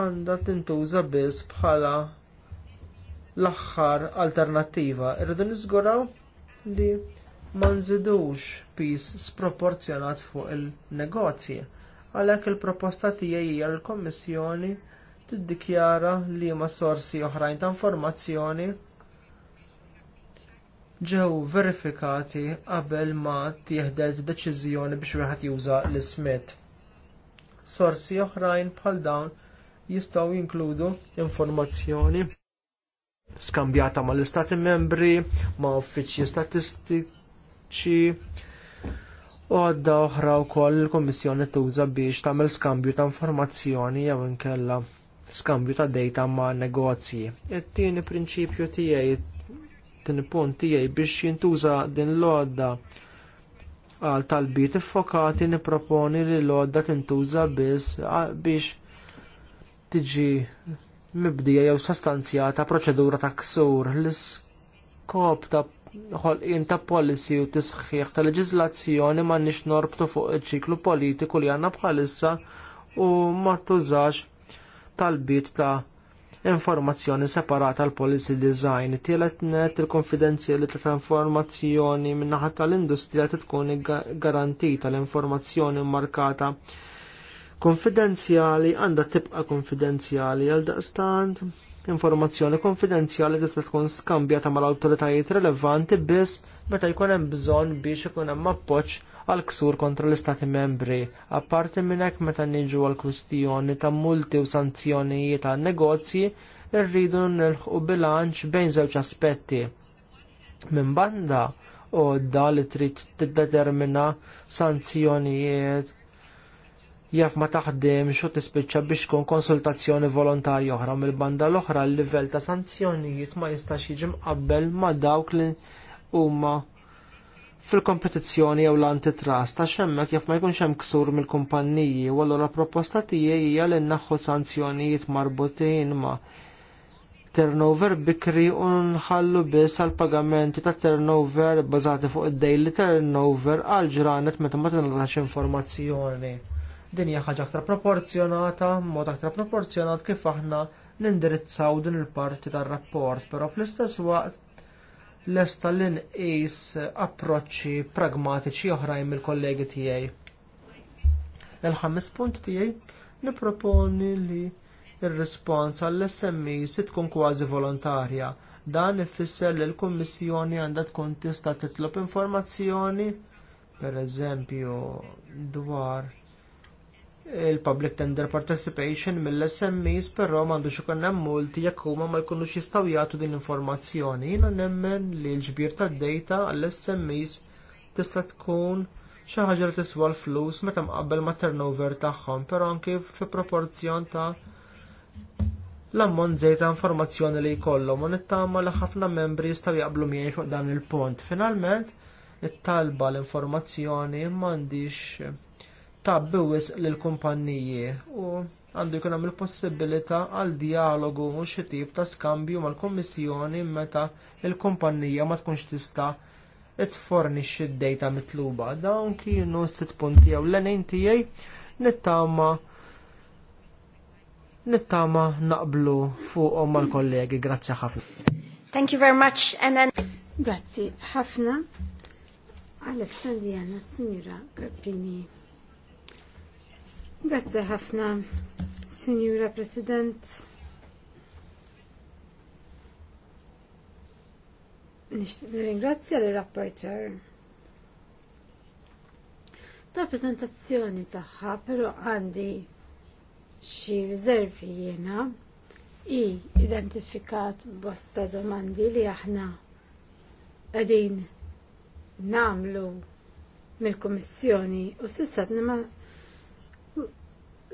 għandha tintuża biss bħala l-aħħar alternattiva. Irridu niżguraw li ma nżidux pis sproporzjonat fuq il-negozji. Għalhekk il-proposta tiegħi hija l kummissjoni tiddikjara li ma sorsi oħrajn ta' informazzjoni ġew verifikati qabel ma tieħdet deċiżjoni biex wieħed juża l-ismet. Sorsi oħrajn bħal dawn jistgħu jinkludu informazzjoni skambjata mal istati membri, ma' uffiċċji statistiċi, u għadda oħra wkoll il kummissjoni tuża biex tagħmel skambju ta' informazzjoni jew inkella skambju ta' dejta ma' negozji. It-tieni prinċipju tiegħi tieni punt tiegħi biex jintuża din l-għodda għal talbiet iffokati nipproponi li l-għodda tintuża biss biex tiġi mibdija jew sostanzjata proċedura ta' ksur l-iskop ta' ħolqien ta' policy u tisħiħ ta' leġiżlazzjoni ma' nix norbtu fuq iċ-ċiklu politiku li għandna bħalissa u ma tużax tal-bit ta' informazzjoni separata l policy design. Tielet net il-konfidenzjali ta' informazzjoni minnaħat tal-industrija tkun garantita l-informazzjoni markata konfidenzjali għandha tibqa' konfidenzjali għal daqstant informazzjoni konfidenzjali tista' tkun skambjata mal-awtoritajiet rilevanti biss meta jkun hemm bżonn biex ikun hemm appoġġ għal ksur kontra l-Istati membri. Apparti minn hekk meta niġu għal kwistjoni ta' multi u sanzjonijiet għan negozji, irridu nilħqu bilanċ bejn żewġ aspetti. Minn banda, u da li trid tiddetermina sanzjonijiet jaf ma taħdem xo tispiċċa biex tkun konsultazzjoni volontarju oħra mill-banda l-oħra l-livell ta' sanzjonijiet ma jistax jiġi mqabbel ma' dawk li huma fil-kompetizzjoni jew l-antitrust ta' xemmek jaf ma jkunx hemm ksur mill-kumpanniji u allura proposta tiegħi hija li naħħu sanzjonijiet marbutin ma' turnover bikri u nħallu biss għal pagamenti ta' turnover bazati fuq id-daily turnover għal ġranet meta ma tingħatax informazzjoni. Dinja ħaġa aktar proporzjonata, mod aktar proporzjonat kif aħna nindirizzaw din il-parti tar-rapport, però fl-istess waqt lesta li nqis approċċi pragmatiċi oħrajn mill-kollegi tiegħi. Il-ħames punt tiegħi niproponi li ir-rispons għall-SMI si tkun kważi volontarja. Dan ifisser li l-Kummissjoni għandha tkun tista' titlob informazzjoni, pereżempju dwar il-public tender participation mill-SMEs però m'għandux ikun hemm multi jekk huma ma jkunux jistgħu jagħtu din l-informazzjoni. Jiena nemmen li l-ġbir tad-data għall-SMEs tista' tkun xi ħaġa li tiswa l-flus meta mqabbel ma' turnover tagħhom, però anke fi proporzjon ta' l-ammont żejt ta' informazzjoni li jkollhom u nittama li ħafna membri jistgħu jaqblu miegħi fuq dan il punt Finalment, it-talba l-informazzjoni m'għandix tabbewis lill-kumpanniji u għandu jkun hemm il-possibilità għal dialogu u xi tip ta' skambju mal-Kummissjoni meta l kumpanija ma tkunx tista' tfornixxi d-dejta mitluba. Dawn kienu sitt punti jew l enin tiegħi nittama nittama naqblu fuqhom mal-kollegi. Grazzi ħafna. Thank you very much and then Grazzi ħafna. Alessandria, signora Grappini. Grazie ħafna, Signora President. Ringrazzja l rapporteur Ta' prezentazzjoni tagħha, però għandi xi riservi jiena i identifikat bosta domandi li aħna qegħdin namlu mill kommissjoni u sissat ma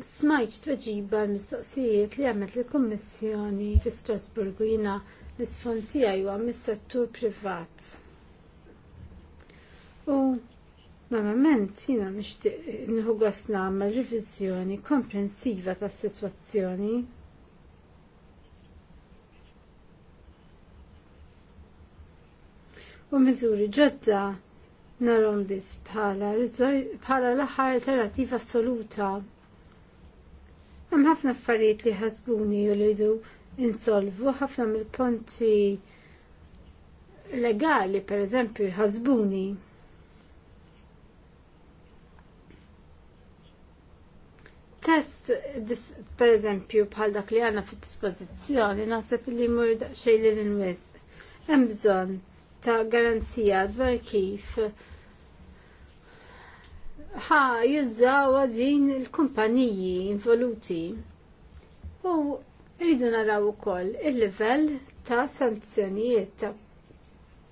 smajt tweġiba l-mistoqsijiet li għamet l kummissjoni fi u jina l-isfonti għajwa mis-settur privat. U normalment jina nishtiq nħu għasna għamma revizjoni komprensiva ta' situazzjoni u miżuri ġodda narom biss bħala l-aħħar alternativa assoluta Hemm ħafna affarijiet li ħasbuni u li jdu insolvu, ħafna mill-ponti legali, per eżempju, ħasbuni. Test, per eżempju, bħal dak li għanna fit dispożizzjoni naħseb li mur daqxej li l-inwis. Hemm bżonn ta' garanzija dwar kif ħa jizzawa din il-kumpaniji involuti. U rridu naraw ukoll il-livell ta' sanzjonijiet ta'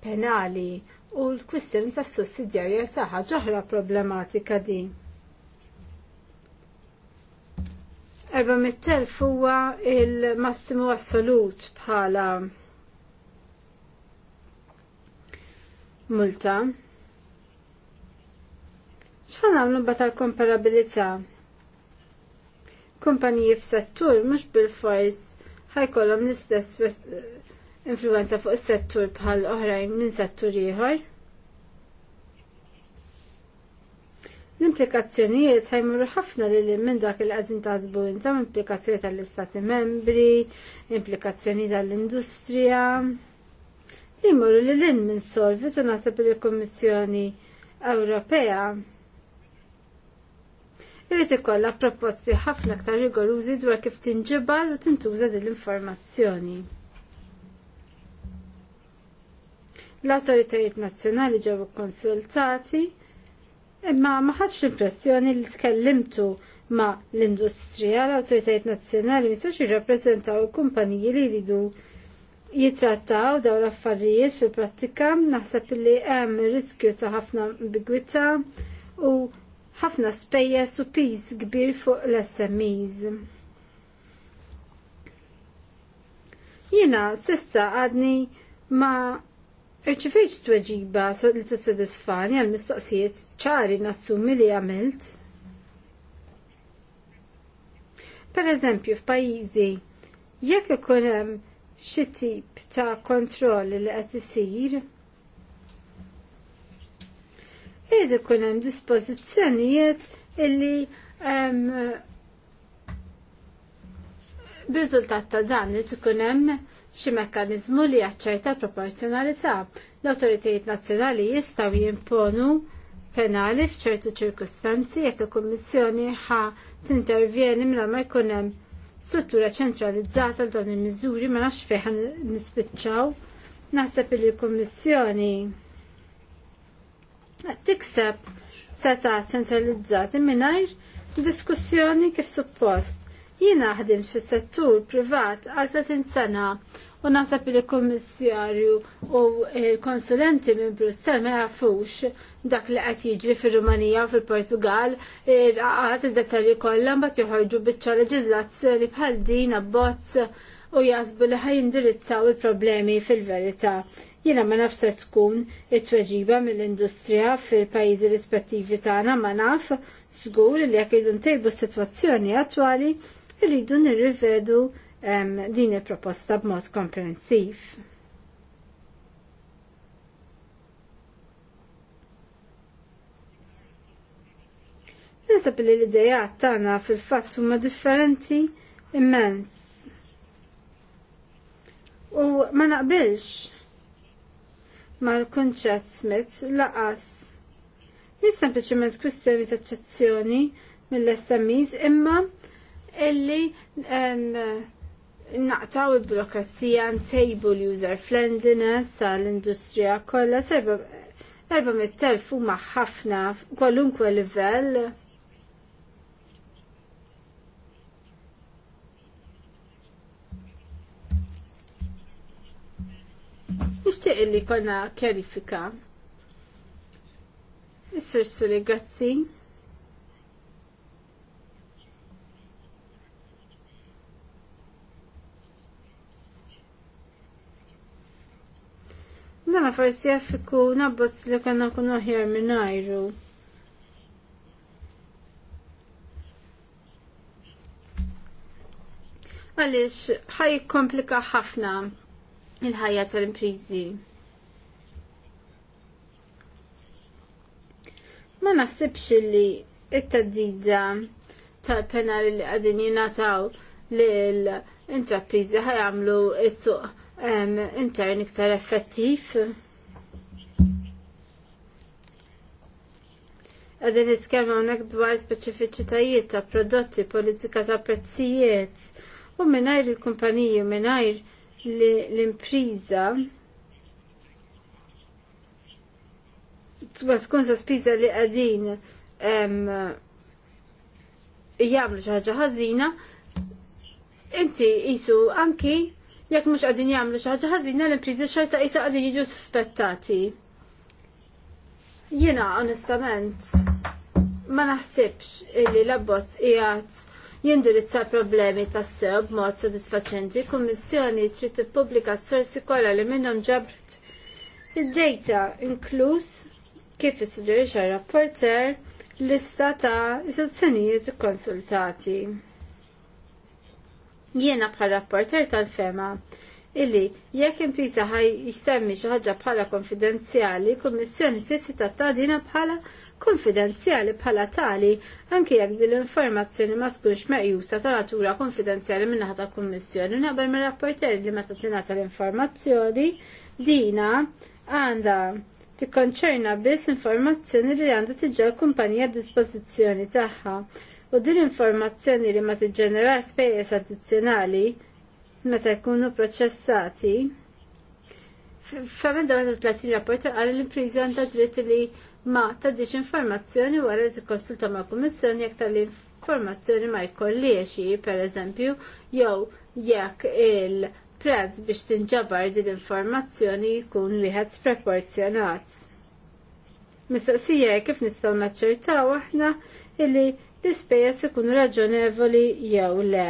penali u l-kwistjoni ta' sussidjarja ta' ġoħra problematika din. 400.000 huwa il-massimu assolut bħala multa. X'ħan għamlu l tal-komparabilità? Kumpaniji f'settur mhux bil-fors kolom l-istess influenza fuq is-settur bħal oħrajn minn settur ieħor. L-implikazzjonijiet ħajmurru ħafna li minn dak il qegħdin tażbu intom implikazzjoni tal-istati membri, implikazzjoni tal-industrija. Li jmorru li l-in minn solvit u naħseb li l-Kummissjoni Ewropea Irrid ikollha proposti ħafna aktar rigorużi dwar kif tinġibar u tintuża din l-informazzjoni. L-autoritajiet nazzjonali ġew konsultati imma ma ħadx l-impressjoni li tkellimtu ma l-industrija l-autoritajiet nazzjonali mistax jirrappreżentaw kumpaniji li jridu jitrattaw daw l-affarijiet fil-prattika naħseb li hemm riskju ta' ħafna ambigwità u ħafna spejjeż u piż kbir fuq l-SMEs. Jiena sissa għadni ma irċifejċ tweġiba li t-sodisfani għal-mistoqsijiet ċari nassumi li għamilt. Per eżempju, f'pajjiżi jekk ikun hemm xi tip ta' kontroll li qed isir, Irid ikun hemm dispożizzjonijiet illi b'riżultat ta' dan irid ikun hemm xi mekkaniżmu li jaċċerta proporzjonalità. L-awtoritajiet nazzjonali jistgħu jimponu penali f'ċertu ċirkustanzi jekk il-Kummissjoni ħa tintervjeni mela ma jkun hemm struttura ċentralizzata għal dawn il-miżuri ma nafx fejn nispiċċaw. Naħseb il l-Kummissjoni tikseb seta ċentralizzati mingħajr diskussjoni kif suppost. Jina ħdim fis-settur privat għal 30 sena u nasab il kommissjarju u konsulenti minn Brussel ma jafux dak li qed jiġri fir-Rumanija u fil-Portugal għat id-dettalji kollha mbagħad joħorġu biċċa leġiżlazzjoni bħal din abbozz u jasbu li ħajindirizzaw il-problemi fil-verità. Jiena ma nafse se tkun it-tweġiba mill-industrija fil-pajjiżi rispettivi tagħna ma naf żgur li jekk idun ntejbu s-sitwazzjoni attwali irridu nirrivedu din il-proposta b'mod komprensiv. Nasab li l-idejat tagħna fil-fatt huma differenti immens. U ma naqbilx mal-kunċett Smith laqas. Mis sempliċement kwistjoni ta' ċezzjoni mill-SMEs imma illi naqtaw il-burokrazija ntejbu user friendliness tal-industrija kollha 400,000 huma ħafna kwalunkwe livell nishtiq li konna kjarifika. Isser Suli, Suri, grazzi. Dana forsi jaffiku nabbozz li konna kun oħjar minn ajru. Għalix, ħaj komplika ħafna il-ħajja tal-imprizi. Ma naħsibx li it-taddida tal-penali li għadin jinataw l-intraprizi ħajamlu il-suq intern iktar effettiv. għadin nitkellmu hawnhekk dwar speċifiċitajiet ta' prodotti, politika ta' prezzijiet u mingħajr il-kumpaniji mingħajr l-impriża tba tkun sospiża li qegħdin jagħmlu xi ħaġa ħażina, inti qisu anki jekk mhux qegħdin jagħmlu xi ħaġa ħażina l-impriża xorta qisu qegħdin jiġu suspettati. Jiena onestament ma naħsibx illi l-abbozz qiegħed jindirizza problemi tas-sew b'mod sodisfaċenti, kummissjoni trid tippubblika s-sorsi kollha li minnhom ġabret id-data inkluż kif issuġġerixxa rapporter lista ta' istituzzjonijiet konsultati. Jiena bħal rapporter tal-fema illi jekk impriża ħaj jsemmi xi ħaġa bħala konfidenzjali, kummissjoni tista' tagħdina bħala konfidenzjali bħala tali anke jekk din l-informazzjoni ma tkunx meqjusa ta' natura konfidenzjali minnaħa ta' kummissjoni. Naqbel mir rapporter li meta tingħata l-informazzjoni dina għandha tikkonċerna biss informazzjoni li għandha tiġi l-kumpanija dispożizzjoni tagħha. U din informazzjoni li ma tiġġenera spejjeż addizzjonali meta jkunu proċessati Femmen dawn 30 latin rapport għal l-impriżan ta' dritt li ma tadix informazzjoni wara li tikkonsulta mal kummissjoni jekk tal-informazzjoni ma per pereżempju jew jekk il-prezz biex tinġabar din l-informazzjoni jkun wieħed sproporzjonat. Mistaqsija kif nistgħu naċċertaw aħna illi l-ispejjeż ikunu raġonevoli jew le.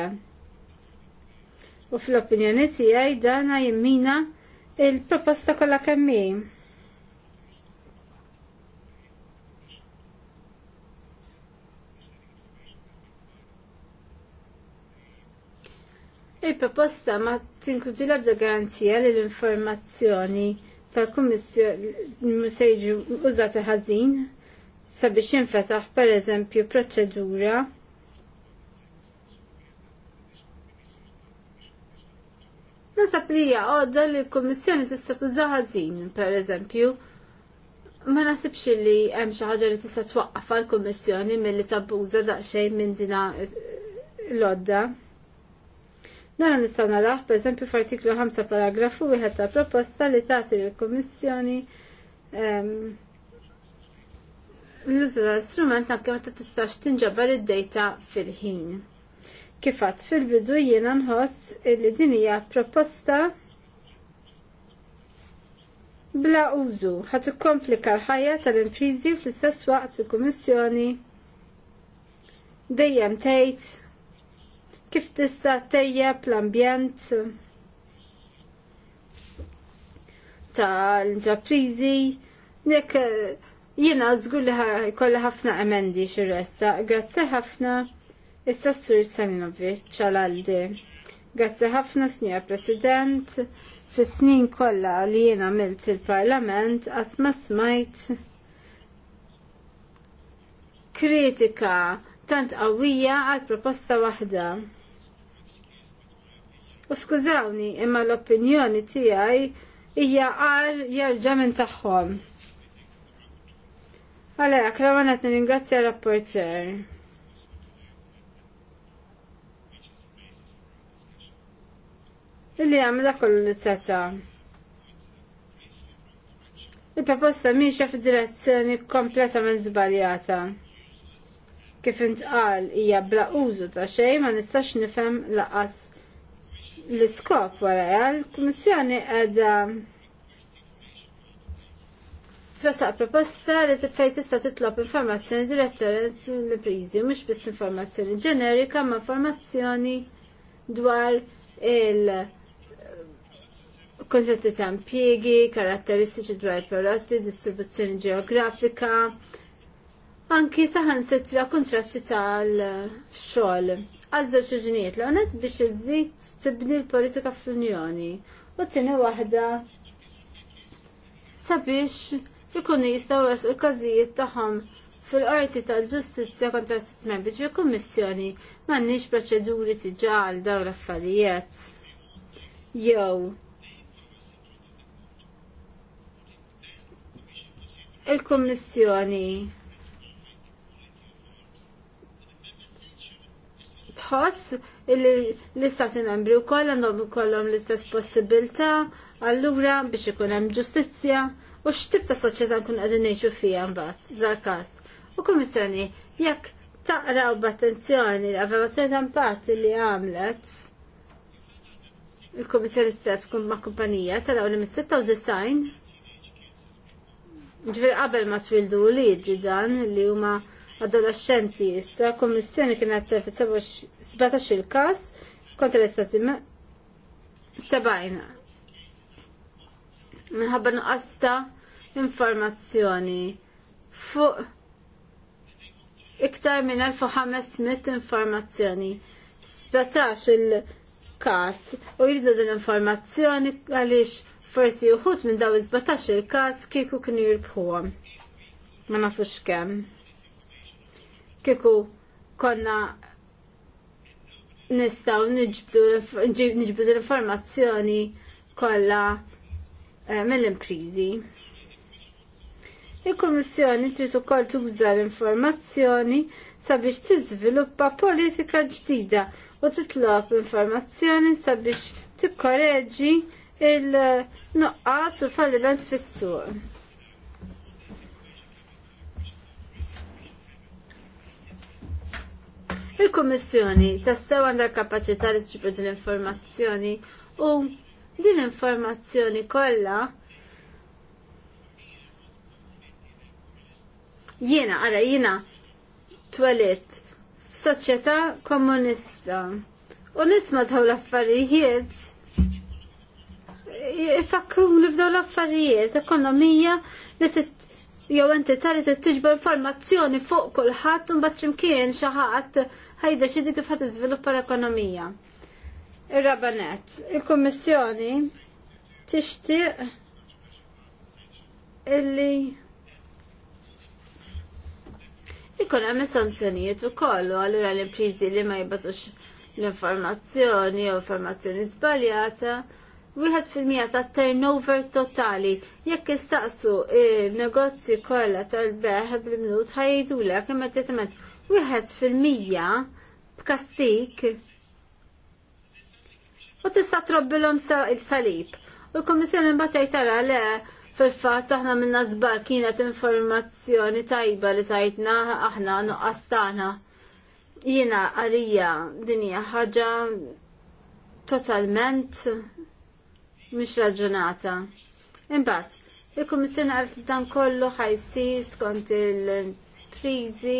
U fl-opinjoni tiegħi dana jimmina il-proposta kollha kemm Il-proposta ma tinkludi l-ebda garanzija li l-informazzjoni tal-Kummissjoni sejġu użati ħażin sabiex jinfetaħ per eżempju proċedura Nasab li hija għodda li l kummissjoni tista' tuża ħażin, per eżempju, ma nasibx li hemm xi ħaġa li tista' twaqqaf għall-Kummissjoni milli tabbuża daqsxejn minn dina l-għodda. Nara nistaw naraħ esempio, f'artiklu 5 paragrafu wieħed ta' proposta li tagħti lill-Kummissjoni ehm, l-użu ta' strument anke ma tistax tinġabar id-dejta fil-ħin. Kif Kifat fil-bidu jiena nħoss li din hija proposta bla użu ħat ikkomplika l-ħajja tal-imprizi fl-istess waqt il-Kummissjoni dejjem tgħid kif tista' tejjeb l-ambjent tal-intraprizi nek eh, jiena żgur li jkolli ħafna emendi xirressa. Grazzi ħafna issa s-sur Saninovic, għal-għaldi. Grazzi ħafna, Signor President, fis-snin kollha li jiena għamilt il-Parlament qatt ma smajt kritika tant qawwija għal proposta waħda. U skużawni, imma l-opinjoni tiegħi hija għar jerġa' minn tagħhom. Għalhekk l qed nirringrazzja r-rapporter. Illi għamil kollu li seta. Il-proposta miexa direzzjoni kompletament żbaljata. Kif intqal hija bla użu ta' xejn ma nistax nifhem laqas l-iskop wara l-Kummissjoni qiegħda Trasa proposta li fejn tista' titlob informazzjoni direttament mill prizi mhux biss informazzjoni ġenerika ma' informazzjoni dwar il- konċetti ta' impjiegi, karatteristiċi dwar prodotti, distribuzzjoni ġeografika, anki saħan setja kontratti tal-xogħol għal żewġ ġinijiet L-għonet biex iżid tibni l-politika fl-Unjoni u t tini waħda sabiex ikunu jistgħu il-każijiet tagħhom fil-qorti tal-ġustizzja kontra s membri ġi kummissjoni m'għandniex proċeduri tiġa għal dawn l-affarijiet. Jew il-Kummissjoni tħoss l-istati membri wkoll għandhom ikollhom l-istess possibilità allura biex ikun hemm ġustizzja u x'tib ta' soċjetà nkun qegħdin ngħixu fiha mbagħad f'dan każ. U kummissjoni, jekk taqraw b'attenzjoni l-avvalazzjoni ta' impatt li għamlet il-Komissjoni stess kun ma' kumpanija saraw li mis design. ġifir qabel ma twildu li dan li huma adolescenti. Issa kommissjoni kienet fi 17 il-kas kontra l-istati 70. Minħabba nuqqasta informazzjoni fuq iktar minn 1500 informazzjoni. 17 il-kas u jridu din informazzjoni għaliex forsi uħut minn daw iż-17 il-kas kieku kien jirbħuhom. Ma nafux kemm kieku konna nistaw nġibdu l-informazzjoni kollha eh, mill-imprizi. Il-Kummissjoni trid ukoll tuża l-informazzjoni sabiex tiżviluppa politika ġdida u titlob informazzjoni sabiex tikkoreġi il-nuqqas u falliment fis-suq. Il-Kummissjoni tassew għandha l-kapaċità li tġibru din l-informazzjoni u din l-informazzjoni kollha jiena ara jiena twelit f'soċjetà komunista u nisma' dawn l-affarijiet ifakkrum li f'daw l-affarijiet, ekonomija li jew entità li tiġbor informazzjoni fuq kulħadd u mbagħad x'imkien xi ħadd ħajdeċidi kif ħadd iżviluppa l-ekonomija. ir rabanet il-Kummissjoni tixtieq illi ikun hemm sanzjonijiet ukoll u allura l-imprizi li ma jibgħatux l-informazzjoni u informazzjoni żbaljata fil-mija ta' turnover totali. Jekk istaqsu il-negozji kollha tal-beħ bl-mnut ħajdulek imma fil-mija b'kastik u tista' trobbilhom il-salib. U l komissjoni mbagħad tara le fil-fatt aħna minna żbal kienet informazzjoni tajba li sajtna aħna nuqqastana. tagħna. Jiena għalija dinja ħaġa totalment mhix raġunata. Imbagħad, il-Kummissjoni għarf dan kollu ħajsir skont il-prizi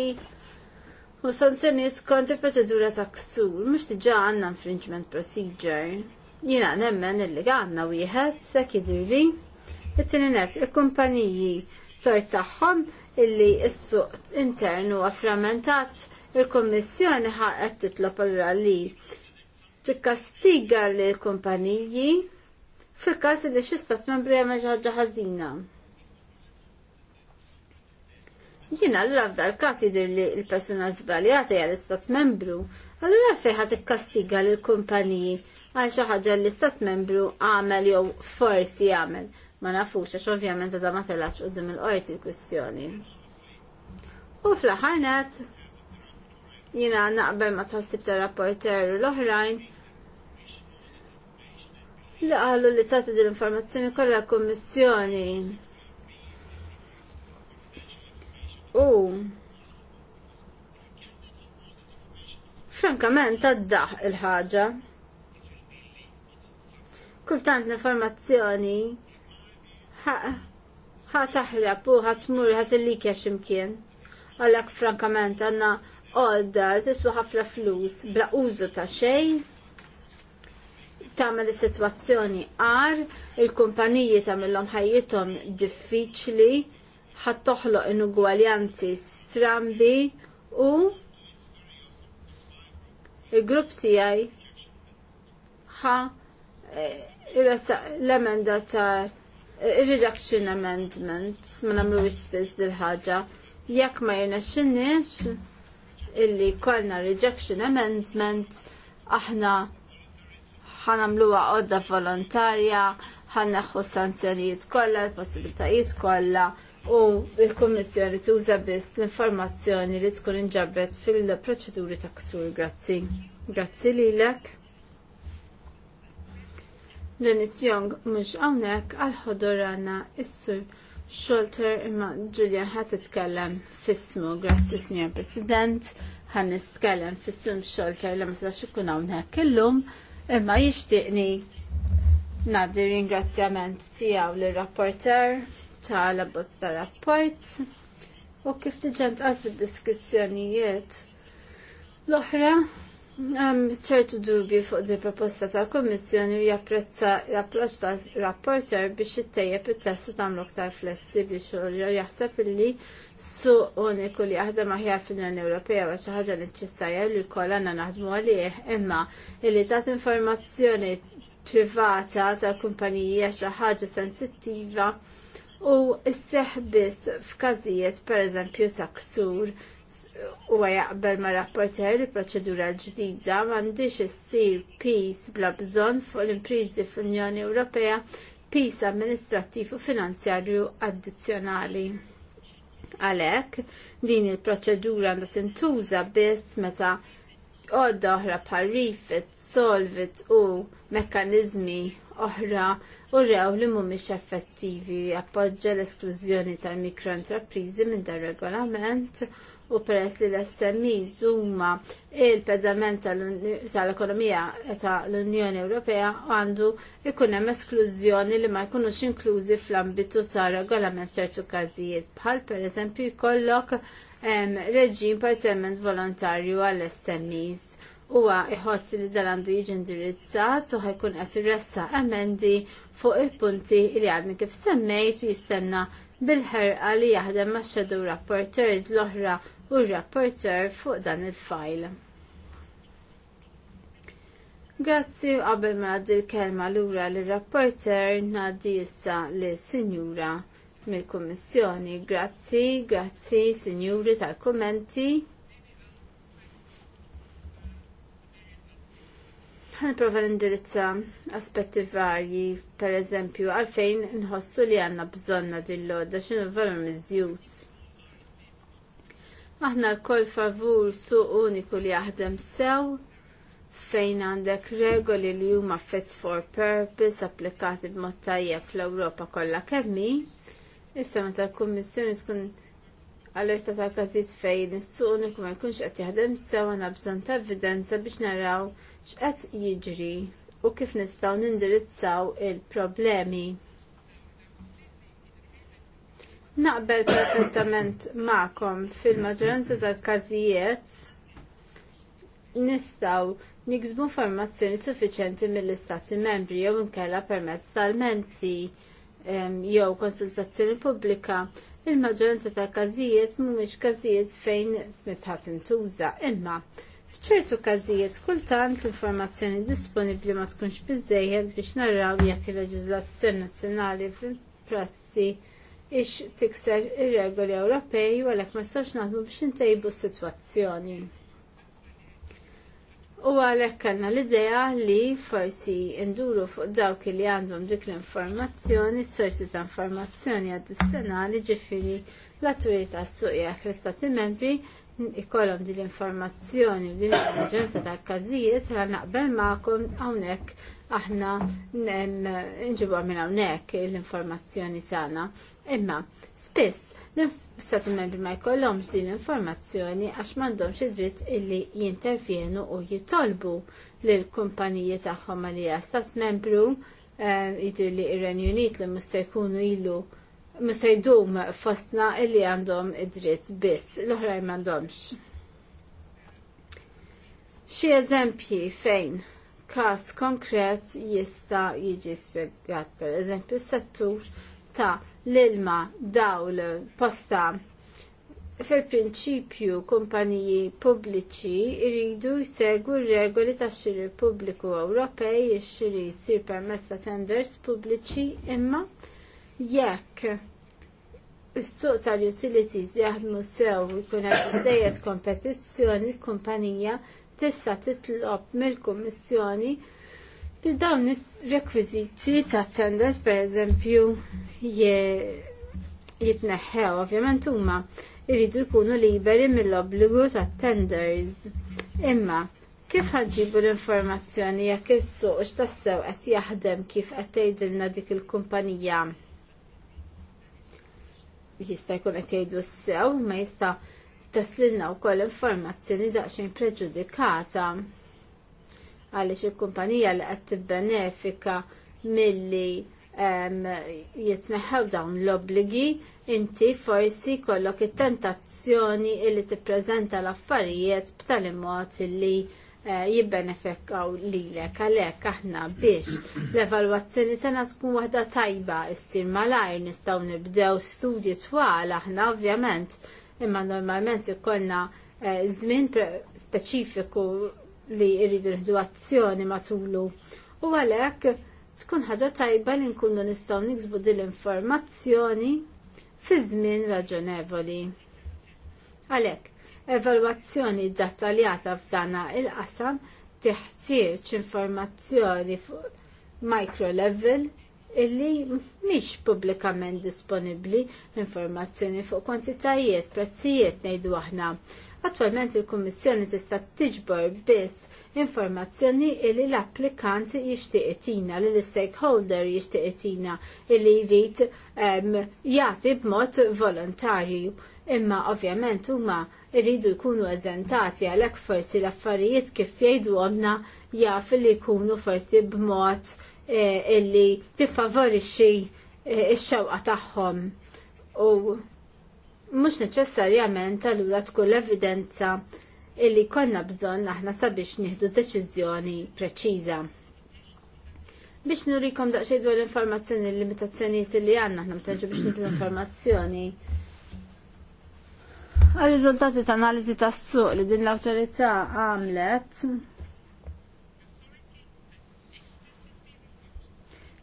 u sanzjonijiet skont il-proċedura ta' ksur, mhux diġà għandna infringement procedure. Jiena nemmen illi għandna wieħed se jidhirli. It-tieni net, il-kumpaniji tort tagħhom illi s-suq internu għaframentat il-Kommissjoni ħaqet titlob allura li tikkastiga l kumpaniji fil-każ li xi stat membri hemm xi ħaġa ħażina. Jiena allura f'dal każ jidher li l-persuna żbaljata hija l-istat membru, allura fejn ħadd ikkastiga lill kumpaniji għal xi ħaġa li stat membru għamel jew forsi għamel. Ma nafux għax ovvjament għadha ma telax dim il-qorti l-kwistjoni. U fl-aħħar jina naqbel ma tħassib ta' rapporter u l-oħrajn li għallu li tagħti din l-informazzjoni kollha kummissjoni. U frankament għaddaħ il-ħaġa. Kultant l-informazzjoni ħa taħrab u ħa tmur ximkien. Għalhekk frankament għandna għodda tiswa ħafna flus bla użu ta' xejn tagħmel is-sitwazzjoni għar, il-kumpaniji tagħmilhom ħajjithom diffiċli, ħattoħlo toħloq inugwaljanzi strambi u il-grupp tiegħi ħa eh, l-emenda ta' rejection amendment ma namlu wispiz dil-ħaġa jekk ma jirnexxinniex illi kollna rejection amendment aħna ħanamluwa għodda volontarja, ħannaħħu sanzjonijiet kollha, il possibilitajiet kollha u il-Kommissjoni tuża biss l-informazzjoni li tkun inġabet fil-proċeduri ta' ksur. Grazzi. Grazzi lilek. Dennis Young mhux hawnhekk għal ħodur għandna is-sur Xolter imma Julian ħat titkellem fissmu. Grazzi Signor President. Ħan tkellem fissum Xolter li ma xikun għawnek hawnhekk illum. lum Imma jixtieqni ngħaddi ringrazzjament tiegħu l rapporter tal l tar-rapport u kif tiġent għal fid-diskussjonijiet l-oħra Għam ċertu dubju fuq di proposta tal kommissjoni u japprezza l-approċ tal-rapporter biex jittejjeb il-testu tamlu ktar flessibli xogħol jaħseb illi su uniku li jaħdem maħja fil-Unjoni Ewropea wa xi ħaġa neċessarja li wkoll għandna naħdmu għalih imma illi tat informazzjoni privata tal-kumpanija xi ħaġa sensittiva u s-seħbis f'każijiet pereżempju ta' ksur u jaqbel ma' rapporter li proċedura ġdida m'għandix issir pis bla bżonn fuq l-imprizi fl-Unjoni Ewropea pis amministrattiv u finanzjarju addizzjonali. Għalhekk, din il-proċedura għandha tintuża biss meta għodda oħra bħal solvit u mekkaniżmi oħra u rew li mhumiex effettivi appoġġa l-esklużjoni tal-mikroentreprizi minn dar regolament u peress li l smi huma il-pedament tal-ekonomija tal-Unjoni Ewropea għandu ikunem hemm esklużjoni li ma jkunux inklużi fl-ambitu tal regolament ċertu każijiet bħal pereżempju jkollok reġim parzialment volontarju għall smis huwa iħoss li dan għandu jiġi indirizzat u ħajkun qed irressa emendi fuq il-punti li għadni kif semmejt u jistenna bil-ħerqa li jaħdem ma' shadow rapporteurs l-oħra u rapporteur fuq dan il-fajl. Grazzi u qabel ma għaddi l-kelma lura lir rapporter ngħaddi issa lis sinjura mill-Kummissjoni. Grazzi, grazzi, sinjuri tal-kummenti. Għan prova l-indirizza aspetti varji, per eżempju, għalfejn nħossu li għanna bżonna dill-lodda, xinu valur mizzjut. Aħna l-koll favur su uniku li jaħdem sew, fejn għandek regoli li huma fit for purpose applikati b'mod tajjeb fl-Ewropa kollha kemmi, issa meta l-Kummissjoni tkun alerta ta' każijiet fejn is-suq uniku ma jkunx qed jaħdem sewa na bżonn ta' evidenza biex naraw x'qed jiġri u kif nistgħu nindirizzaw il-problemi. Naqbel perfettament ma'kom fil-maġġoranza tal-każijiet nistaw niksbu informazzjoni suffiċenti mill-istati membri jew inkella permezz tal-menti jew konsultazzjoni pubblika, il-maġġoranza ta' każijiet mhumiex każijiet fejn smitħat tintuża, imma f'ċertu każijiet kultant l-informazzjoni disponibbli ma tkunx biżejjed biex narraw jekk il-leġiżlazzjoni nazzjonali fil-prassi ix tikser ir-regoli Ewropej u għalhekk ma stax naħdmu biex intejbu s-sitwazzjoni. U għalhekk kellna l-idea li forsi nduru fuq dawk li għandhom dik l-informazzjoni, s-sorsi ta' informazzjoni addizzjonali ġifiri l-autorità suqjak l-istati membri ikollhom din l-informazzjoni u din l intelligenza ta' każijiet ra naqbel ma'kom hawnhekk aħna nġibu minn hawnhekk l-informazzjoni tagħna. Imma spiss L-Stati membri ma jkollhomx din l-informazzjoni għax m'għandhomx id-dritt illi jintervjenu u jitolbu l kumpaniji tagħhom għalija Stat membru eh, jidir li ir-Renju Unit li musta jkunu ilu musta jdum fostna illi għandhom id-dritt biss, l-oħrajn m'għandhomx. Xi eżempji fejn każ konkret jista' jiġi spjegat, per eżempju, settur ta' l-ilma l posta fil-prinċipju kumpaniji pubbliċi jridu jsegwu r regoli tax-xiri pubbliku Ewropej ix-xiri jsir permezz ta' tenders pubbliċi imma jekk is-suq tal-utilities jaħdmu sew ikun hemm biżejjed kompetizzjoni l-kumpanija tista' titlob mill-Kummissjoni il dawn ir-rekwiżiti ta' tenders pereżempju jitneħħew ovvjament huma jridu jkunu liberi mill-obbligu ta' tenders. Imma kif ħanġibu l-informazzjoni jekk is-suq tassew qed jaħdem kif qed tgħidilna dik il-kumpanija jista' jkun qed jgħidu sew ma jista' taslilna wkoll informazzjoni daqsxejn preġudikata għaliex il-kumpanija li qed tibbenefika milli jitneħħaw dawn l-obligi inti forsi kollok it-tentazzjoni illi tippreżenta l-affarijiet b'tali mod illi li eh, lilek għalhekk aħna biex l-evalwazzjoni tagħna tkun waħda tajba ssir malajr nistgħu nibdew studji twal aħna ovvjament imma normalment ikollna eh, żmien speċifiku li jridu jihdu azzjoni matulu. U għalhekk tkun ħaġa tajba li nkunu nistgħu niksbu dil l-informazzjoni fi żmien raġonevoli. Għalhekk, evalwazzjoni dettaljata f'dana il-qasam tiħtieġ informazzjoni fuq micro level illi mhix pubblikament disponibbli informazzjoni fuq kwantitajiet, prezzijiet ngħidu aħna Attualment il-Kummissjoni tista' tiġbor biss informazzjoni li l-applikant jixtieq itina, li l-stakeholder jixtieq itina, li jrid jagħti b'mod volontarju. Imma ovvjament huma jridu jkunu eżentati għalhekk forsi l-affarijiet kif jgħidu għomna jaf li jkunu forsi b'mod e, illi tiffavorixxi e, ix-xewqa tagħhom. U mhux neċessarjament allura tkun l-evidenza illi konna bżonn aħna sabiex nieħdu deċiżjoni preċiża. Biex nurikom daqsxejn dwar l-informazzjoni l-limitazzjonijiet li għandna aħna meta biex nibdu informazzjoni. Għal-riżultati ta' analiżi tas-suq li din l-awtorità għamlet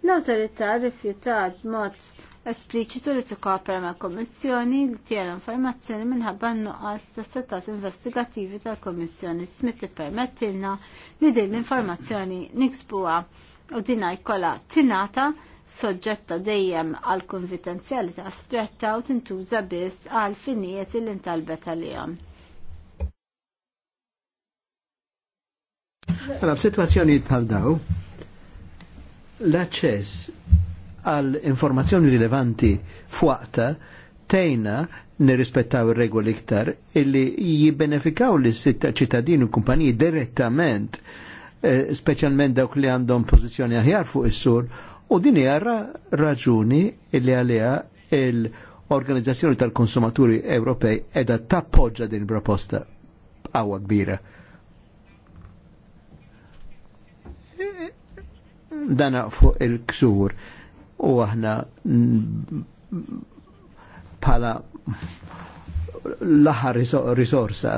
l-autorità rifjutat mod espliċitu li tikkopra ma' komissjoni li tiegħu informazzjoni minħabba nuqqas ta' settat investigativi tal komissjoni smit li permettilna li din l-informazzjoni niksbuha u dina jkollha tinata soġġetta dejjem għal konfidenzjalità stretta u tintuża biss għal finijiet li intalbet għalihom. Għala, mela, b'sitwazzjoni bħal daw, l-aċċess għal informazzjoni rilevanti fuqta tejna nirrispettaw ir-regoli iktar illi jibbenefikaw li ċittadini u kumpaniji direttament eh, specialment dawk li għandhom pozizjoni aħjar fuq is-sur u din jarra raġuni illi għalija l-Organizzazzjoni tal-Konsumaturi Ewropej edha tappoġġa din proposta għawa kbira. Dana fuq il-ksur u aħna pala l-aħħar risorsa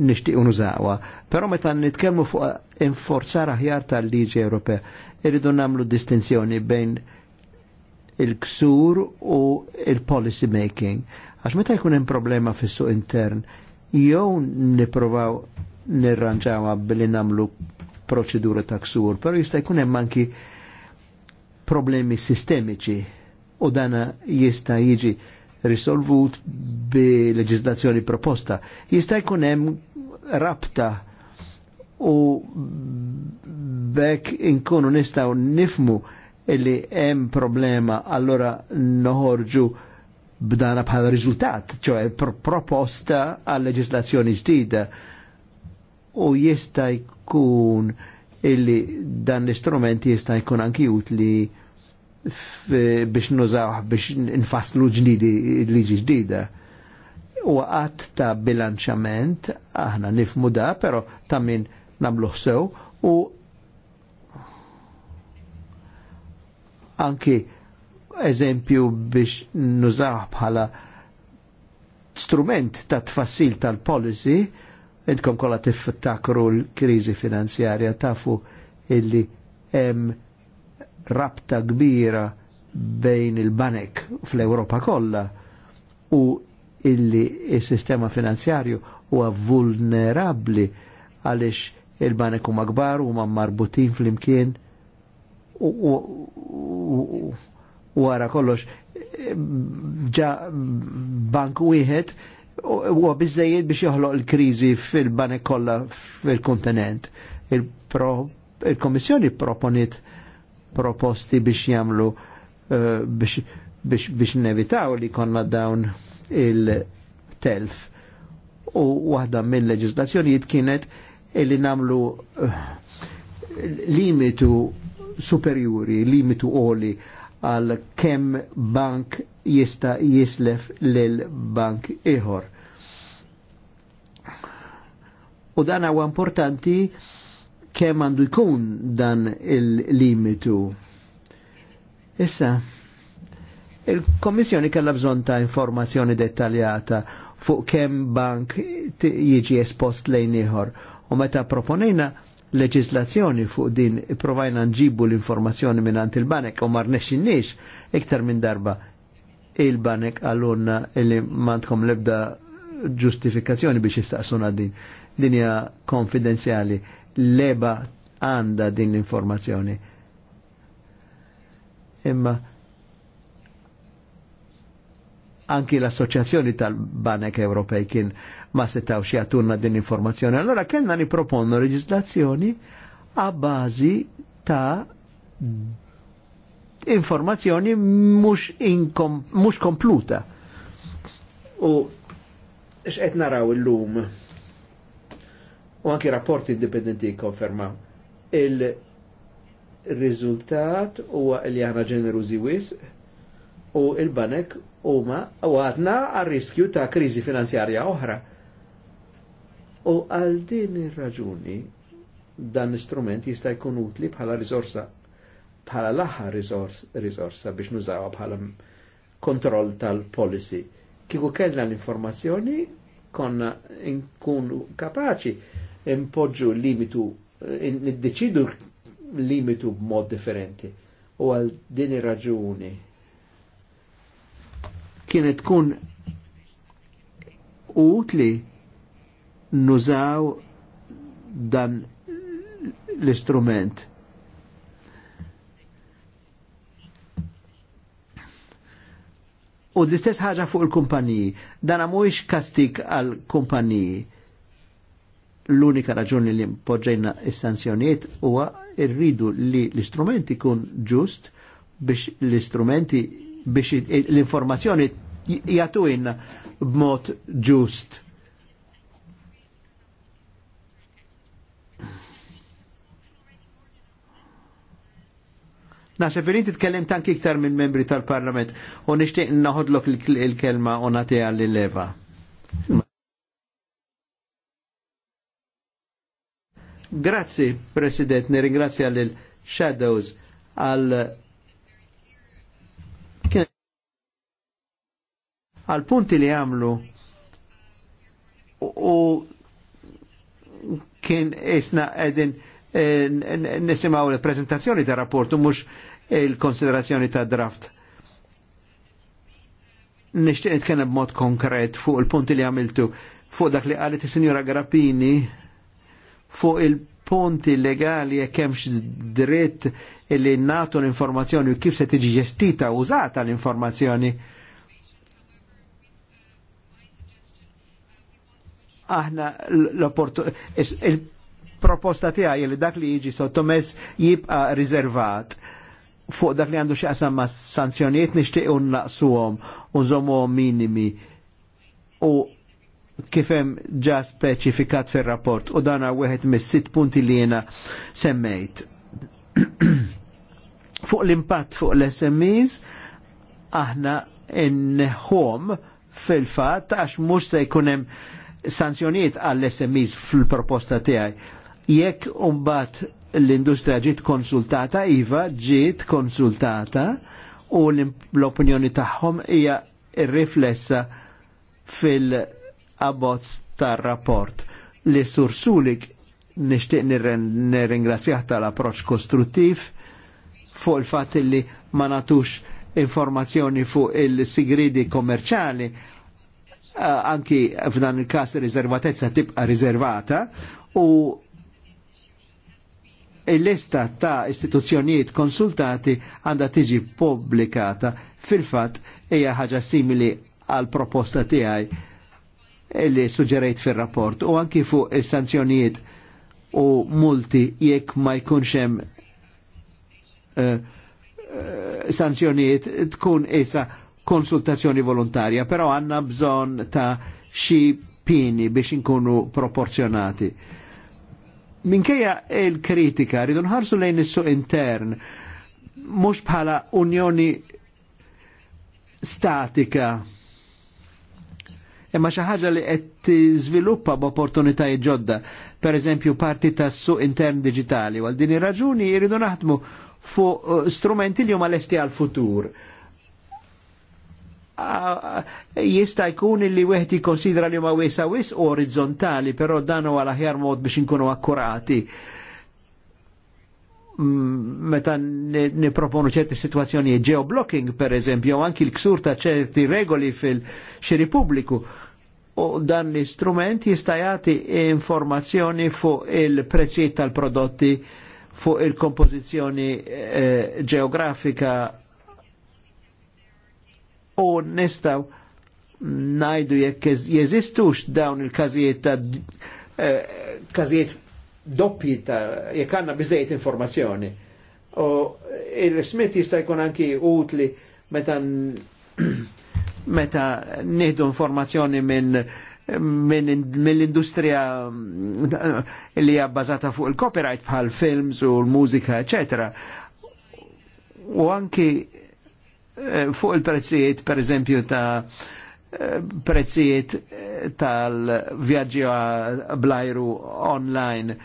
nixtieq nużawha. Pero metan nitkelmu fuq inforzar aħjar tal-liġi Ewropea, irridu namlu distinzjoni bejn il-ksur u il-policy making. Għax meta jkun hemm problema fis-suq intern, jew nipprovaw nirranġawha billi namlu proċedura ta' ksur, però jista' jkun hemm anki problemi sistemiċi u dana jista jiġi risolvut bi leġislazzjoni proposta. Jista jkun hemm rabta u bekk inkunu nistaw nifmu illi hemm problema allora noħorġu b'dana bħala riżultat, ċoħe proposta għal leġislazzjoni ġdida u jista jkun illi dan l-istrument jista jkun anki utli biex nuzaħ biex nfaslu ġdidi liġi ġdida. U għat ta' bilanċament, aħna nifmu da, pero ta' min namlu sew u anki eżempju biex nuzaħ bħala strument ta' tfassil tal-policy, idkom kolla tiftakru l-krizi finanzjarja tafu illi hemm rabta kbira bejn il-banek fl-Europa kollha u illi il-sistema finanzjarju huwa vulnerabbli għaliex il-banek huma kbar huma marbutin fl-imkien u għara kollox ġa bank wieħed huwa biżejjed biex joħloq il-kriżi fil-banek kollha fil-kontinent. Il-Komissjoni proponit proposti biex jamlu eh, biex, biex, biex nevitaw li konna dawn il-telf u waħda mill leġislazzjonijiet kienet illi namlu eh, limitu superjuri, limitu oli għal kem bank jista jislef l bank iħor. U dan għu importanti kemm għandu jkun dan il-limitu. Issa, il-Komissjoni kellha bżonn ta' informazzjoni dettaljata fuq kemm bank jiġi espost lejn ieħor. U meta proponejna leġislazzjoni fuq din provajna nġibu l-informazzjoni minn il-banek u mar nexxinniex iktar minn darba il-banek għallunna illi mandkom lebda ġustifikazzjoni biex jistaqsuna din. Dinja konfidenzjali leba għanda din l-informazzjoni. Imma anki l-Assoċjazzjoni tal-Banek Ewropej kien ma setaw jagħtuna din informazzjoni. Allora kellna niproponnu legislazzjoni a bażi ta' informazzjoni mhux mhux kompluta. U x'qed naraw illum u anki rapporti indipendenti konfermaw. il rizultat huwa li aħna ġenerużi wisq u il-banek huma għadna għal riskju ta' kriżi finanzjarja oħra. U għal din ir-raġuni dan l-istrument jista' jkun utli bħala risorsa bħala l-aħħar risorsa biex nużawha bħala kontroll tal-policy. Kiku kellna l-informazzjoni konna nkunu kapaċi impoġġu limitu, eh, niddeċidu limitu b'mod differenti. U għal din ir-raġuni kienet tkun utli nużaw dan l-istrument. U l-istess ħaġa fuq il-kumpaniji. Dan mhuwiex kastik għal kumpaniji. L-unika raġuni li mpoġġejna is sanzjoniet huwa rridu li l-istrument ikun ġust biex l-istrumenti biex l-informazzjoni jagħtu b'mod ġust. Naħseb per inti tkellem tank iktar minn membri tal-Parlament u nixtieq naħodlok il-kelma u nagħtiha lil leva Grazzi, President, nirringrazzja lil Shadows għal għal punti li għamlu u kien isna edin eh, nisimaw il prezentazzjoni ta' rapportu mux il-konsiderazzjoni ta' draft. Nishtiq nitkellem b'mod konkret fuq il-punti li għamiltu fuq dak li għalet il-Sinjora Grappini fuq il-punti legali e kemx dritt li natu l-informazzjoni u kif se tiġi ġestita u użata l-informazzjoni. Aħna il-proposta tiegħi li dak li jiġi sottomess jibqa' riservat fuq dak li għandu xi qasam ma' sanzjonijiet nixtieq naqsuhom u nżommuhom minimi u kifem ġa speċifikat fil-rapport u dan għawet mis sit punti li jena semmejt. *clears throat* fuq l-impatt fuq l-SMEs, aħna inħom fil-fat għax mux se jkunem sanzjoniet għall-SMEs fil-proposta tiegħi. Jekk umbat l-industrija ġiet konsultata, IVA ġiet konsultata u l-opinjoni tagħhom hija riflessa fil- abbozz tar-rapport li sur Sulik nishtiq nirringrazzjaħ tal-approċ kostruttiv fuq il-fatt li ma natux informazzjoni fuq il-sigridi kommerċali eh, anki f'dan il-kas riservatezza tibqa riservata u il-lista ta' istituzzjonijiet konsultati għanda tiġi publikata fil-fat hija ħaġa simili għal proposta tiegħi li suġġerejt fir-rapport u anki fuq is-sanzjonijiet u multi jekk ma jkunx hemm uh, sanzjonijiet tkun isa konsultazzjoni volontarja, però għanna bżon ta' xi pini biex inkunu proporzjonati. Minkejja il-kritika rridu nħarsu lejn nissu intern, mhux bħala unjoni statika imma xi ħaġa li qed tiżviluppa b'opportunitajiet ġodda, per eżempju parti tas su intern digitali, għal din ir-raġuni jridu naħdmu fuq uh, strumenti li huma lesti għal futur. Jista' jkun li wieħed jikkonsidra li huma wiesa wis orizzontali, però dan huwa l-aħjar mod biex inkunu akkurati meta niproponu ċerti situazzjoni geoblocking per eżempju, anki l-ksur ta' ċerti regoli fil-xiri pubbliku. U dan l-istrument jista' jagħti informazzjoni fuq il-prezzijiet tal-prodotti fuq il-kompożizzjoni eh, geografika u nistaw najdu jekk jeżistux dawn il-każijiet ta' eh, każijiet doppi ta' jekk għandna biżejjed informazzjoni. U il-smith jista' jkun anki utli meta *clears throat* meta nieħdu informazzjoni minn mill-industrija mm, li hija bbażata fuq il-copyright bħal films u l-mużika, etc. U anki eh, fuq il-prezzijiet, per eżempju, ta' prezzijiet eh, tal-vjaġġi blajru online.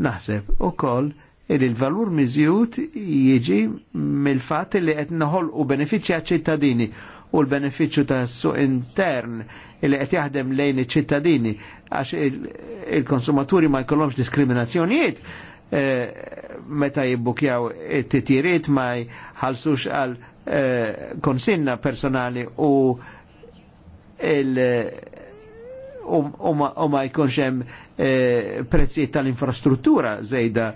Naħseb u koll il il-valur miżjut jiġi mill-fat li qed noħol u għaċ-ċittadini u l-benefiċċju ta' suq intern li qed jaħdem lejn iċ-ċittadini għax il-konsumaturi ma jkollhomx diskriminazzjonijiet Eh, meta jibbukjaw it-titjiriet ma jħalsux għal eh, konsinna personali u il u ma jkunx hemm eh, prezzijiet tal-infrastruttura zejda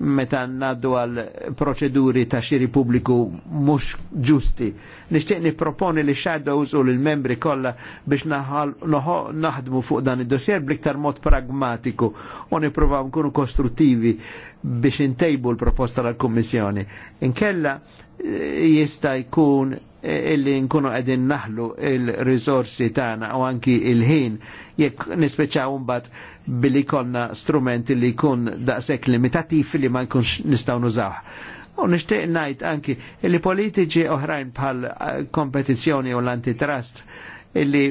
meta naddu għal proċeduri ta' xiri publiku mhux ġusti. Nixtieq nipproponi li shadows u l-membri kollha biex naħdmu fuq dan id-dossier bliktar mod pragmatiku u nippruvaw nkunu kostruttivi biex intejbu l-proposta tal kommissjoni Inkella eh, jista' jkun eh, illi nkunu qegħdin naħlu il-riżorsi tagħna u anki il-ħin jekk nispeċaw mbagħad billi konna strumenti li jkun daqshekk limitati li ma nkunx nistgħu nużaw. U nixtieq ngħid anki li politiċi oħrajn bħal kompetizzjoni eh, u l-antitrust illi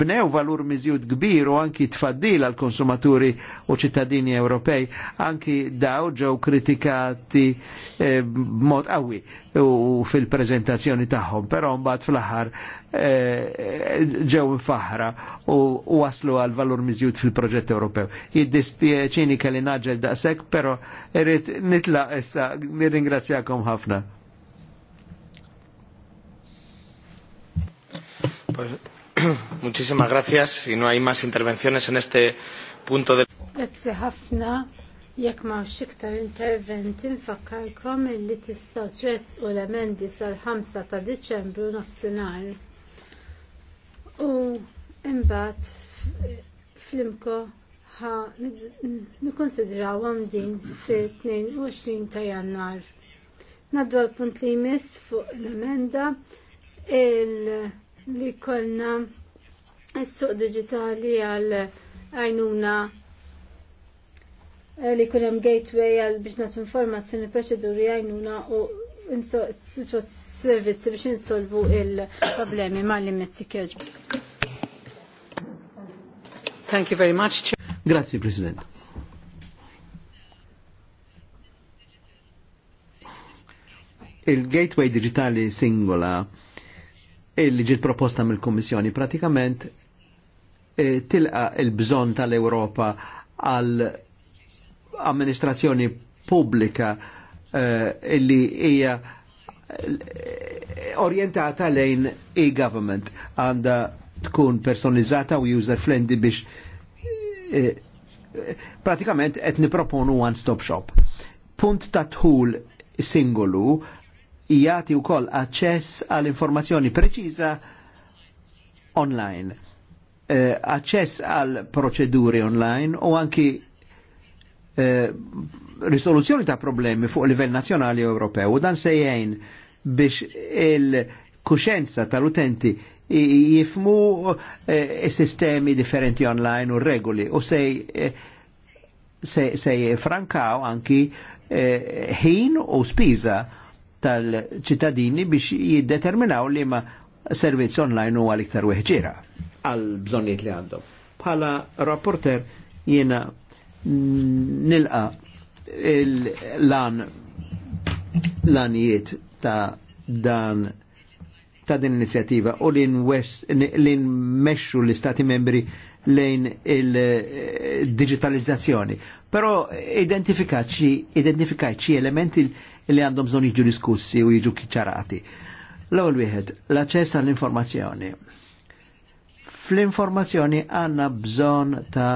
bnew valur miżjud kbir u anki tfaddil għal konsumaturi u ċittadini Ewropej, anki daw ġew kritikati eh, mod qawwi u fil-prezentazzjoni tagħhom, però mbagħad fl-aħħar eh, ġew eh, faħra u, waslu għal valur miżjud fil-proġett Ewropew. Jiddispjaċini kelli naġel daqshekk, però irrid nitlaq issa nirringrazzjakom ħafna. *clears throat* Muchísimas gracias. no hay más intervenciones en este punto de... Grazie ħafna. Jekk ma xiktar intervent nfakkarkom li tistaw tres u l-emendi sal-5 ta' Deċembru nofsinhar. U imbagħad flimko ħa nikkonsidrawhom din fit-22 ta' Jannar. Naddu għal punt li jmiss fuq l-emenda il- li kollna s-suq digitali għal għajnuna eh, li kunem gateway għal biex natu informazzjoni proċeduri għajnuna u s-suq servizzi biex insolvu il-problemi ma' li mezzi keġu. Thank you very much. Grazie, President. Il-gateway digitali singola li ġiet proposta mill-Kummissjoni pratikament e, tilqa il-bżon tal-Europa għal amministrazzjoni pubblika e, illi hija e, orientata lejn e-government għanda tkun personalizzata u user friendly biex pratikament qed niproponu one stop shop. Punt ta' tħul singolu u koll aċċess għal informazzjoni preċiza online. Eh, aċċess għal proċeduri online u anki eh, risoluzzjoni ta' problemi fuq livell nazjonali u Ewropew u dan se biex il-kuxenza tal-utenti jifmu eh, sistemi differenti online u regoli u se, eh, se, se frankaw anki eh, ħin u spiża tal-ċittadini biex jiddeterminaw li ma servizz online huwa l-iktar weħġiera għal bżonniet li għandhom. Bħala rapporter jiena nilqa l-lan lanijiet ta' dan ta' din inizjattiva u li nmexxu l-istati membri lejn il-digitalizzazzjoni. Però identifikaċi, identifikaċi elementi il li għandhom bżonn jiġu diskussi u jiġu kiċċarati. l għol wieħed, l-aċċess għall-informazzjoni. Fl-informazzjoni għandna bżonn ta'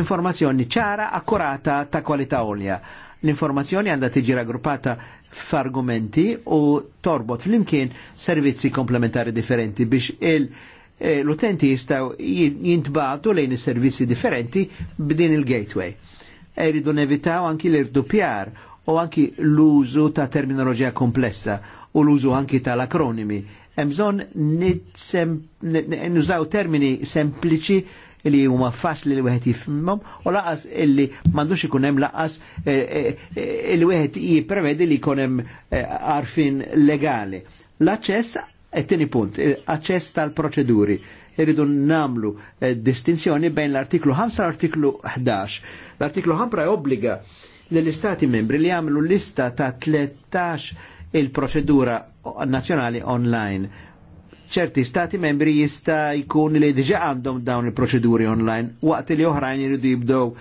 informazzjoni ċara, akkurata, ta' kwalità olja. L-informazzjoni għandha tiġi raggruppata f'argumenti u torbot flimkien servizzi komplementari differenti biex il- eh, l-utenti jistaw jintbatu lejn is-servizzi differenti b'din il-gateway. Eridu nevitaw anki l-irdupjar u anki l-użu ta' terminoloġija komplessa u l-użu anki tal-akronimi. Emżon nużaw termini sempliċi li huma faċli li wieħed jifmom u laqas illi m'għandux ikun hemm laqas eh, eh, eh, li wieħed jipprevedi li jkun hemm arfin legali. L-aċċess Et-tieni punt, aċċess tal-proċeduri. Irridu namlu distinzjoni bejn l-artiklu 5 l-artiklu 11. L-artiklu 5 obbliga l-istati membri li għamlu lista ta' 13 il-proċedura nazjonali online ċerti stati membri jista jkun li diġa għandhom dawn il-proċeduri online, waqt li oħrajn jridu jibdow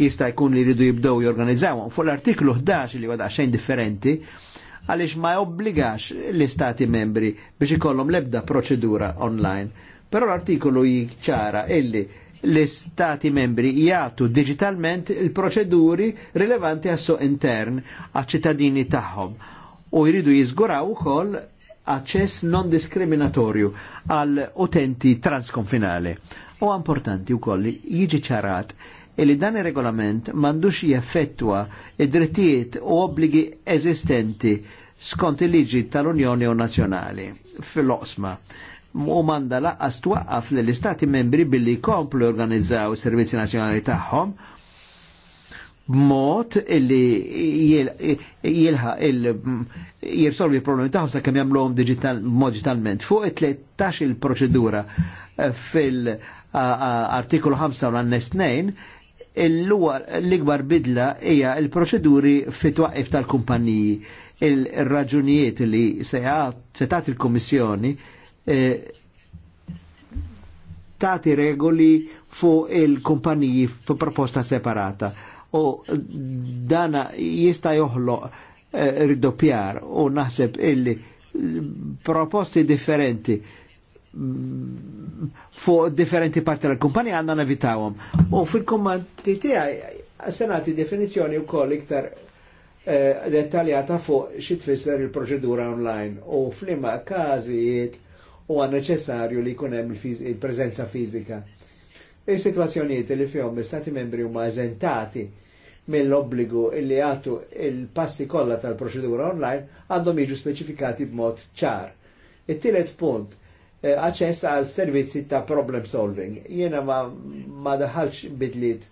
jista jkun li jridu jibdow jorganizzawhom. Fuq l-artiklu 11 li għadha xejn differenti, għaliex ma obbligax l-istati membri biex ikollhom l-ebda proċedura online. Però l artiklu jikċara illi l-istati membri jgħatu digitalment il-proċeduri rilevanti għas intern għaċ-ċittadini tagħhom u jridu jiżguraw ukoll aċċess non diskriminatorju għal utenti transkonfinali. U importanti wkoll jiġi ċarat li dan ir-regolament m'għandux jeffettwa id-drittijiet u obbligi eżistenti skont il-liġi tal-Unjoni u Nazzjonali fil-oqsma u manda laqqas twaqqaf lill l-istati membri billi komplu organizzaw servizzi nazjonali tagħhom b'mod illi jilħa jirsolvi problemi tagħhom sakemm jagħmluhom digital digitalment. Fuq it-13 il-proċedura eh, fil-artikolu 5 u l-annes 2 l-ikbar bidla hija il-proċeduri fit-twaqqif tal-kumpaniji il-raġunijiet li se setat il-Komissjoni il E, tati regoli fu il-kumpaniji fu proposta separata. U dana jista joħloq eh, ridoppjar u naħseb illi proposti differenti mm, fu differenti parti tal-kumpanija għanna nevitawhom. U fil-kommandi tijaj, senati definizjoni u koll iktar eh, dettaljata fuq xi il-proċedura online u flima każijiet u għan neċessarju li kunem il-prezenza fizika. Il-situazzjoniet li fjom l-Stati membri huma eżentati mill-obbligu li għatu il-passi kollha tal-proċedura online għandhom jiġu speċifikati b'mod ċar. It-tielet punt, eh, aċċess għal servizzi ta' problem solving. Jena ma, ma daħalx bidliet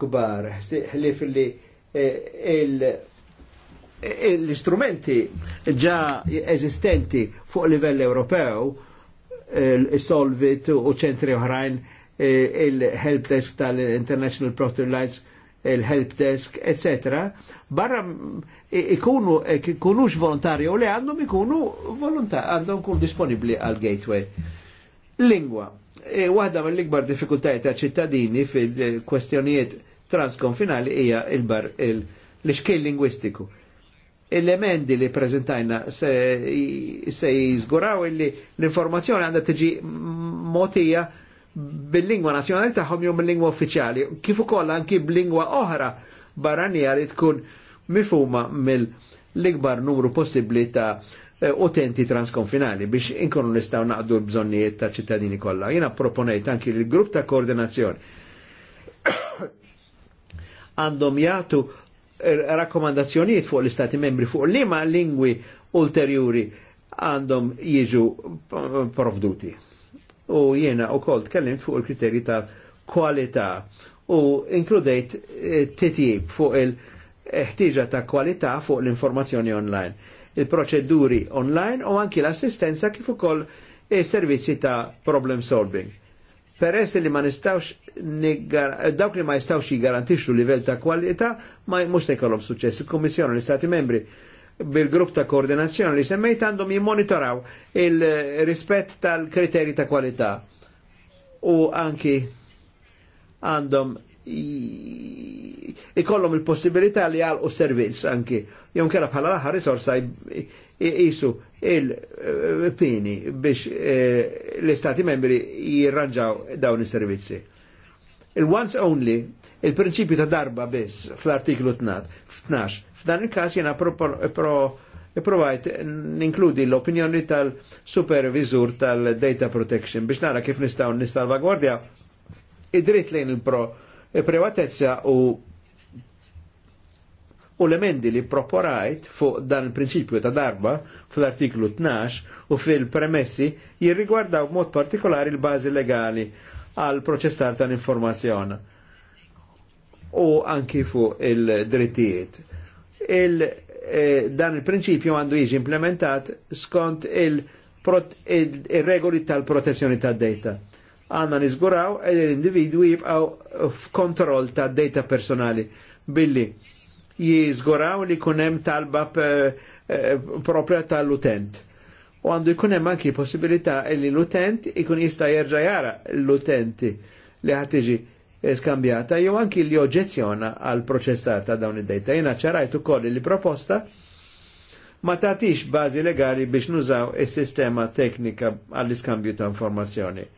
kbar, ħlif li eh, il- E, e, l-istrumenti ġa eżistenti fuq livell Ewropew, e, il-Solvit u ċentri oħrajn, il-Help Desk tal-International Protein Lights, il-Help Desk, etc. Barra ikunu, ikunux u li għandhom ikunu volontari, għandhom kun disponibli għal-gateway. Lingwa. E, Waħda mill-ikbar diffikultajiet ta' ċittadini fil-kwestjonijiet transkonfinali hija il-bar l lixkej lingwistiku l-emendi li prezentajna se, se jizguraw illi l-informazzjoni għandha tiġi motija bil-lingwa nazjonali taħħom jom bil-lingwa uffiċjali, kif ukoll anki bl-lingwa oħra barranija li tkun mifuma mill-ikbar numru possibbli ta' utenti transkonfinali biex inkonu nistaw naqdu l-bżonnijiet ta' ċittadini kollha. Jiena proponejt anki l-grupp ta' koordinazzjoni *coughs* għandhom jgħatu rakkomandazzjonijiet fuq l-Istati membri fuq li ma lingwi ulterjuri għandhom jiġu provduti. U jiena u kol tkellimt fuq il-kriterji ta' kwalità u inkludejt eh, titjib fuq il-ħtiġa ta' kualità fuq l-informazzjoni online, il-proċeduri online u anki l-assistenza kif ukoll eh, servizzi ta' problem solving. Peress li ma nistawx dawk li ma jistawx jgarantixxu livell ta' kwalità ma mhux se jkollhom suċċess. Il-Kummissjoni l-Istati Membri bil-grupp ta' koordinazzjoni li semmejt għandhom jimmonitoraw il-rispett tal-kriteri ta' kwalità u anki għandhom ikollhom il-possibilità li għal u servizz anki. Jew kera bħala l-aħħar risorsa jisu il-pini biex e, l-istati membri jirranġaw dawn is-servizzi. Il-once only, il-prinċipju ta' darba biss fl-artiklu 12, f'dan il-każ jena provajt ninkludi l-opinjoni tal-supervisur tal-data protection biex nara kif nistaw nistalvagwardja id-dritt lejn il-pro privatezza u u l-emendi li proporajt fuq dan il-prinċipju ta' darba fl-artiklu 12 u fil-premessi jirrigwardaw mod partikolari l-bazi legali għal proċessar tal-informazzjoni u anki fuq il-drittijiet. Il, eh, dan il-prinċipju għandu jiġi implementat skont il-regoli il, tal protezzjoni tad data għanna nizguraw ed l-individwi jibqaw f'kontroll ta' data personali billi jizguraw li kunem talba e, propria tal-utent. U għandu jkunem anki possibilità li l-utent ikun jista jerġa jara l-utenti li ħatiġi skambjata jew anki li oġezzjona għal proċessar ta' dawn id-dejta. Jena ċarajtu koll li proposta ma tatix bazi legali biex nużaw is-sistema teknika għall-iskambju ta' informazzjoni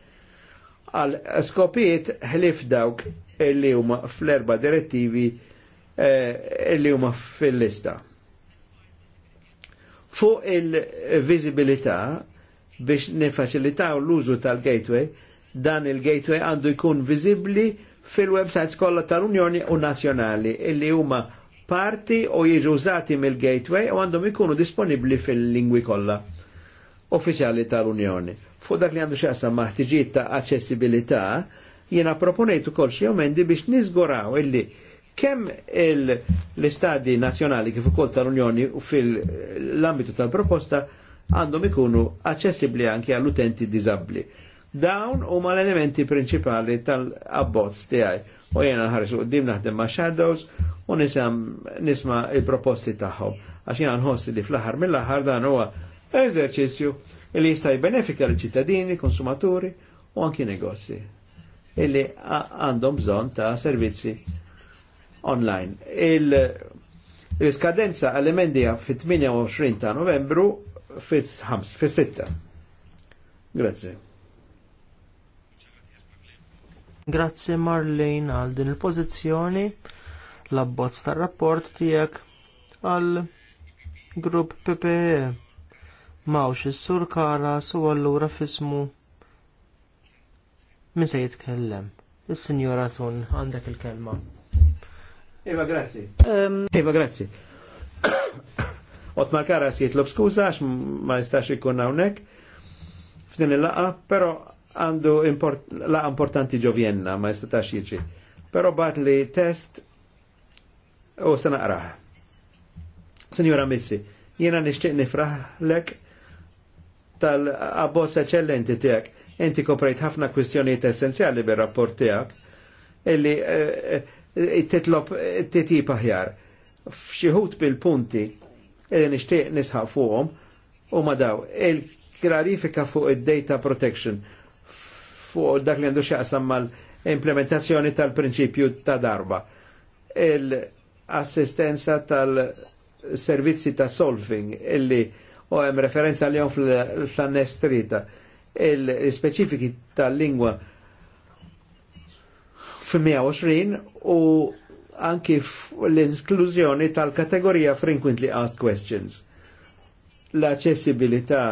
għal skopijiet ħlif dawk illi huma fl-erba direttivi eh, illi huma fil-lista. Fuq il-vizibilità biex nifaċilitaw l-użu tal-gateway, dan il-gateway għandu jkun viżibli fil-websites kollha tal-Unjoni u Nazzjonali illi huma parti u jiġu użati mill-gateway u għandhom ikunu disponibbli fil-lingwi kollha uffiċjali tal-Unjoni fuq dak li għandu xaqsa maħtiġiet ta' aċċessibilità, jiena proponejtu kol xi omendi biex nizguraw illi kemm l-istadi nazzjonali kif ukoll tal-Unjoni u fil-ambitu tal-proposta għandhom ikunu aċċessibbli anke għall-utenti diżabbli. Dawn huma l-elementi prinċipali tal-abbozz tiegħi. U jena nħarsu qoddim naħdem ma' Shadows u nisam nisma' il-proposti tagħhom. Għax jena nħossi li fl-aħħar mill-aħħar dan huwa eżerċizzju illi jista' jbenefika l-ċittadini, konsumaturi u anki negozji illi għandhom bżonn ta' servizzi online. Il-skadenza il skadenza il għal fit-28 ta' novembru fit-6. Grazie. Grazie Marlene għal din il-pozizjoni la bozz tar-rapport tiegħek għal grupp PPE mawx is-sur kara su allura fismu min se jitkellem. Is-Sinjora Tun għandek il-kelma. Iva, grazzi. Iva, grazzi. *coughs* Otmar si jitlob skuza, għax ma jistax ikun hawnhekk f'din il-laqa, però għandu import, laqa importanti ġovjenna ma jistax jiġi. Però bat li test u se naqraħ. Mizzi, Missi, jiena nixtieq nifraħlek tal-abbozz eccellenti tiegħek. Inti koprejt ħafna kwistjonijiet essenzjali bir-rapport tiegħek illi eh, eh, titlop eh, titjib aħjar. Fxieħut bil-punti illi nixtieq nisħaq fuqhom u madaw il-klarifika fuq id-data protection fuq dak li għandu xaqsam mal-implementazzjoni tal-prinċipju ta' darba. Il-assistenza tal-servizzi ta' solving illi u hemm referenza li fl-annestrita. Il-speċifiki tal-lingwa f-120 u anki l-inklużjoni tal-kategorija frequently asked questions. L-accessibilità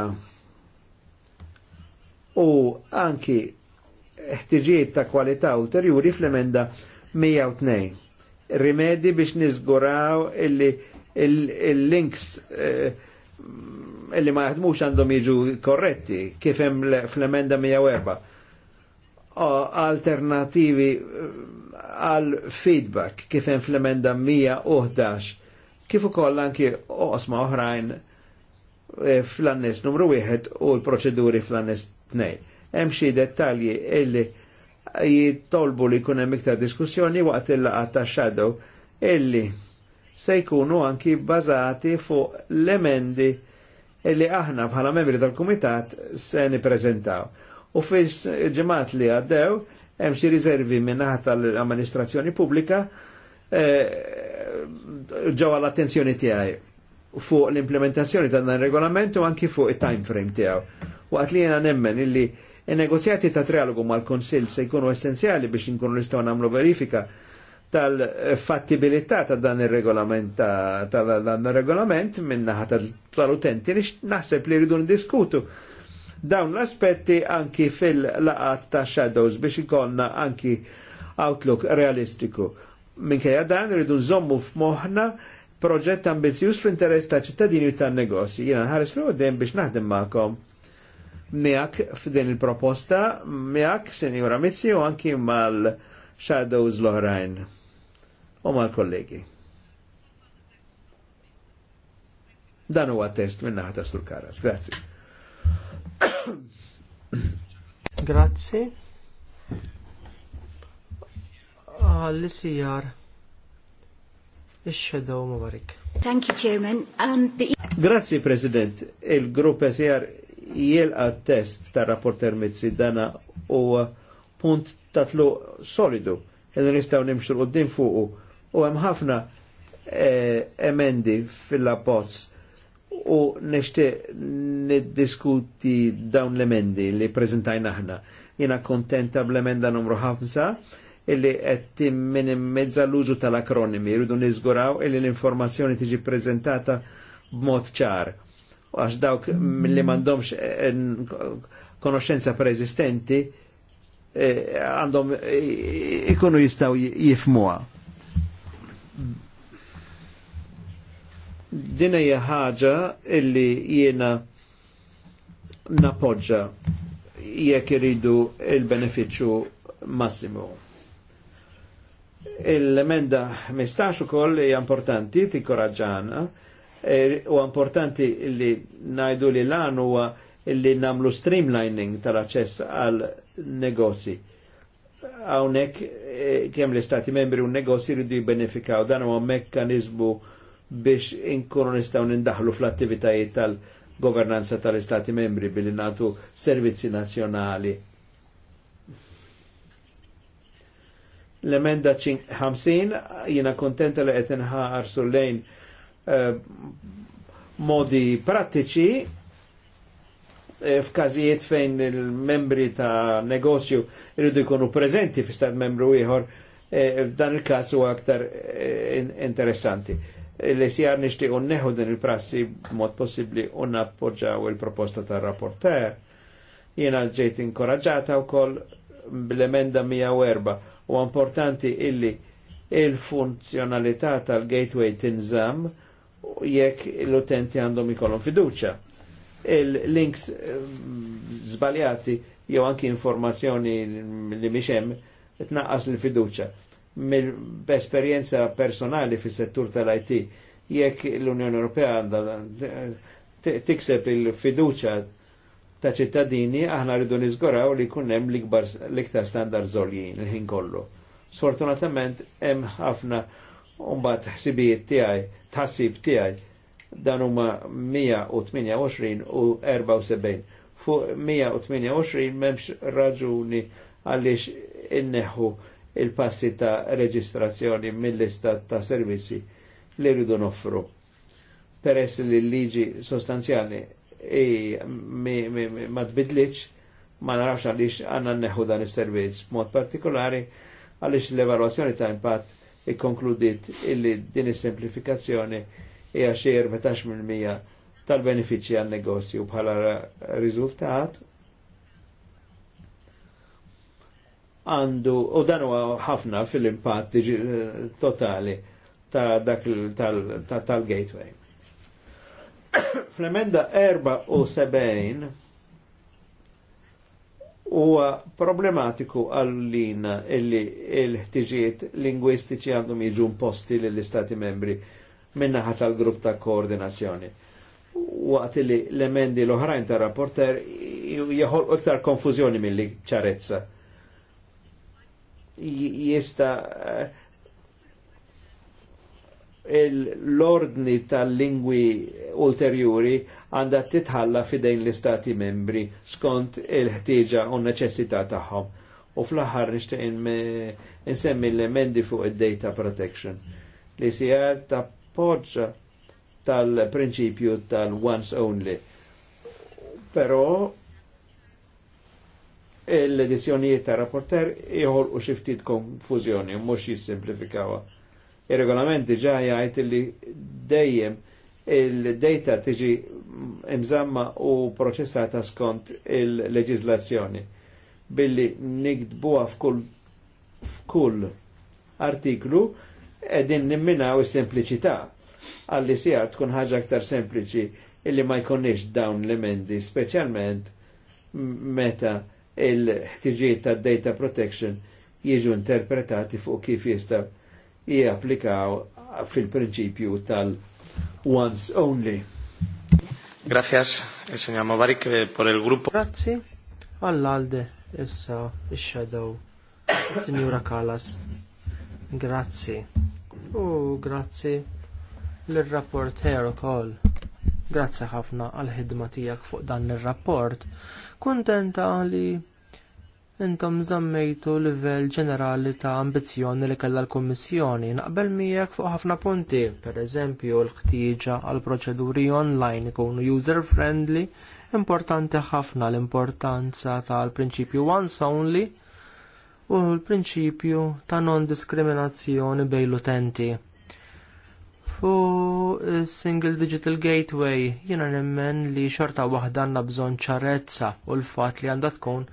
u anki ħtiġiet ta' kwalità ulterjuri fl-emenda 102. Rimedi biex nizguraw il-links il, eh, il Mm, illi ma jaħdmux għandhom jiġu korretti, kif hemm fl-emenda 104. O alternativi eh, għal feedback kif hemm fl-emenda 111, kif ukoll anki oqsma oħrajn eh, fl-annes numru 1 u l-proċeduri fl-annes 2. Hemm xi dettalji illi jitolbu li jkun hemm iktar diskussjoni waqt il-laqgħa tax-shadow illi se jkunu anki bazati fuq l-emendi li aħna bħala membri tal-Kumitat se niprezentaw. U fis ġemat li għaddew, hemm xi riservi tal-amministrazzjoni pubblika eh, ġewwa l-attenzjoni tiegħi fuq l-implementazzjoni ta' dan regolament u anki fuq it-time frame tiegħu. Waqt li jiena nemmen illi il-negozjati ta' trialogu mal-Konsil se jkunu essenzjali biex nkunu nistgħu nagħmlu verifika tal-fattibilità ta' dan il-regolament tal-regolament minnaħa tal-utenti li naħseb li rridu diskutu dawn l-aspetti anki fil-laqat ta' shadows biex ikonna anki outlook realistiku. Minkejja dan rridu nżommu f'moħħna proġett ambizjuż fl-interess ta' ċittadini u tan negozji. Jiena nħares fl biex naħdem magħkom miegħek f'din il-proposta miegħek, Sinjura Mizzi, u anki mal-shadows l-oħrajn u mal-kollegi. Dan huwa test minn naħta sur karas. Grazzi. *coughs* Grazzi. Għall-sijar. Ix-xedow mubarik. Thank you, Chairman. Um, the... Grazzi, President. Il-grupp SR e jelqa test ta' rapporter mezzi dana u punt tatlu solidu. Għedin nistaw nimxu l-qoddim fuqu u hemm ħafna eh, emendi fil-abbozz u nixtieq niddiskuti dawn l-emendi li prezentajna aħna. Jiena kontenta bl-emenda numru 5 illi qed mezza l-użu tal-akronimi, rridu nizguraw illi l-informazzjoni tiġi prezentata b'mod ċar. Għax dawk li m'għandhomx eh, konoxenza preżistenti eh, għandhom ikunu jistaw jifmuha din ħaġa illi jiena napoġġa jekk iridu il beneficju massimu. Il-emenda 15 ukoll hija importanti tikkoraġġana er, u importanti li najdu li lan huwa li namlu streamlining tal-aċċess għal negozji. Hawnhekk kemm l-Istati membri un n-negozji jridu jibbenefikaw dan huwa mekkanizmu biex inkunu nistgħu nindaħlu fl-attivitajiet tal-governanza tal-Istati membri billi nagħtu servizzi nazzjonali. L-emenda 50 jiena kontenta li qed inħarsu lejn eh, modi prattiċi Eh, f'każijiet fejn il-membri ta' negozju irridu jkunu prezenti fi stat membru ieħor eh, dan il-każ huwa aktar eh, interessanti. L-ICR nixtiequ neħu din il-prassi b'mod possibbli u nappoġġaw il-proposta tar-rapporter. Jiena ġejt inkoraġġata wkoll bl-emenda 104 u importanti illi il-funzjonalità tal-gateway tinżam jekk l-utenti għandhom ikollhom fiduċja il-links eh, zbaljati jew anki informazzjoni li miexem tnaqqas l-fiduċa. Mill-esperienza personali fis settur tal-IT, jekk l-Unjoni Ewropea għandha eh, tikseb il-fiduċa ta' ċittadini, aħna rridu niżgoraw li jkun hemm l-iktar standard zoljien il-ħin kollu. Sfortunatament hemm ħafna umbat ħsibijiet tiegħi, tħassib tiegħi dan huma 128 u 74. Fuq 128 memx raġuni għaliex inneħu il-passi ta' reġistrazzjoni mill-lista ta' servizzi li rridu noffru. Peress li l-liġi sostanzjali ma tbidlitx, ma narax għalix għanna neħu dan il-servizz. Mod partikolari għalix l-evaluazzjoni ta' impatt ikkonkludit illi din is-semplifikazzjoni hija xi 14% tal-benefiċċji għan-negozju bħala riżultat għandu, u dan huwa ħafna fil-impatt totali ta' dak tal-gateway. *coughs* Fl-emenda 74 huwa problematiku għallina illi l ħtiġiet lingwistiċi għandhom jiġu posti lill istati membri minnaħat tal-grupp ta' koordinazzjoni. Waqt li l-emendi l-oħrajn ta' rapporter jħol iktar konfuzjoni mill-li ċarezza. Jista eh, l-ordni tal-lingwi ulterjuri għanda titħalla fidejn l-istati membri skont il-ħtieġa u neċessita neċessità tagħhom. U fl-aħħar nixtieq insemmi l-emendi fuq id-data protection. Li sijar ta' poġġa tal-prinċipju tal-once only. Però l-edizjonijiet ta' rapporter jħol u xiftit konfuzjoni, mux jissimplifikawa. Il-regolament diġa jgħajt li dejjem il-data tiġi imżamma u proċessata skont il-leġizlazzjoni billi nikdbuha f'kull f'kull artiklu edin nimminaw is-sempliċità għalli sijar tkun ħaġa aktar sempliċi illi ma jkunniex dawn l-emendi, specialment meta il-ħtiġiet ta' data protection jiġu interpretati fuq kif jistaw japplikaw fil-prinċipju tal-once only. il signor Mavarik por il gruppo. Grazie, għall-alde, issa, il-shadow, signora Kalas. Grazie u grazzi l-rapporter ukoll. Grazzi ħafna għall ħidma tiegħek fuq dan ir rapport Kuntenta li intom żammejtu livell ġenerali ta' ambizzjoni li kellha l-Kummissjoni naqbel miegħek fuq ħafna punti, pereżempju l-ħtieġa għal proċeduri online ikunu user friendly, importanti ħafna l-importanza tal-prinċipju once only u l-prinċipju ta' non-diskriminazzjoni bejn l-utenti. Fu Single Digital Gateway jiena nemmen li xorta waħda għandna bżonn ċarezza u l-fatt li għandha tkun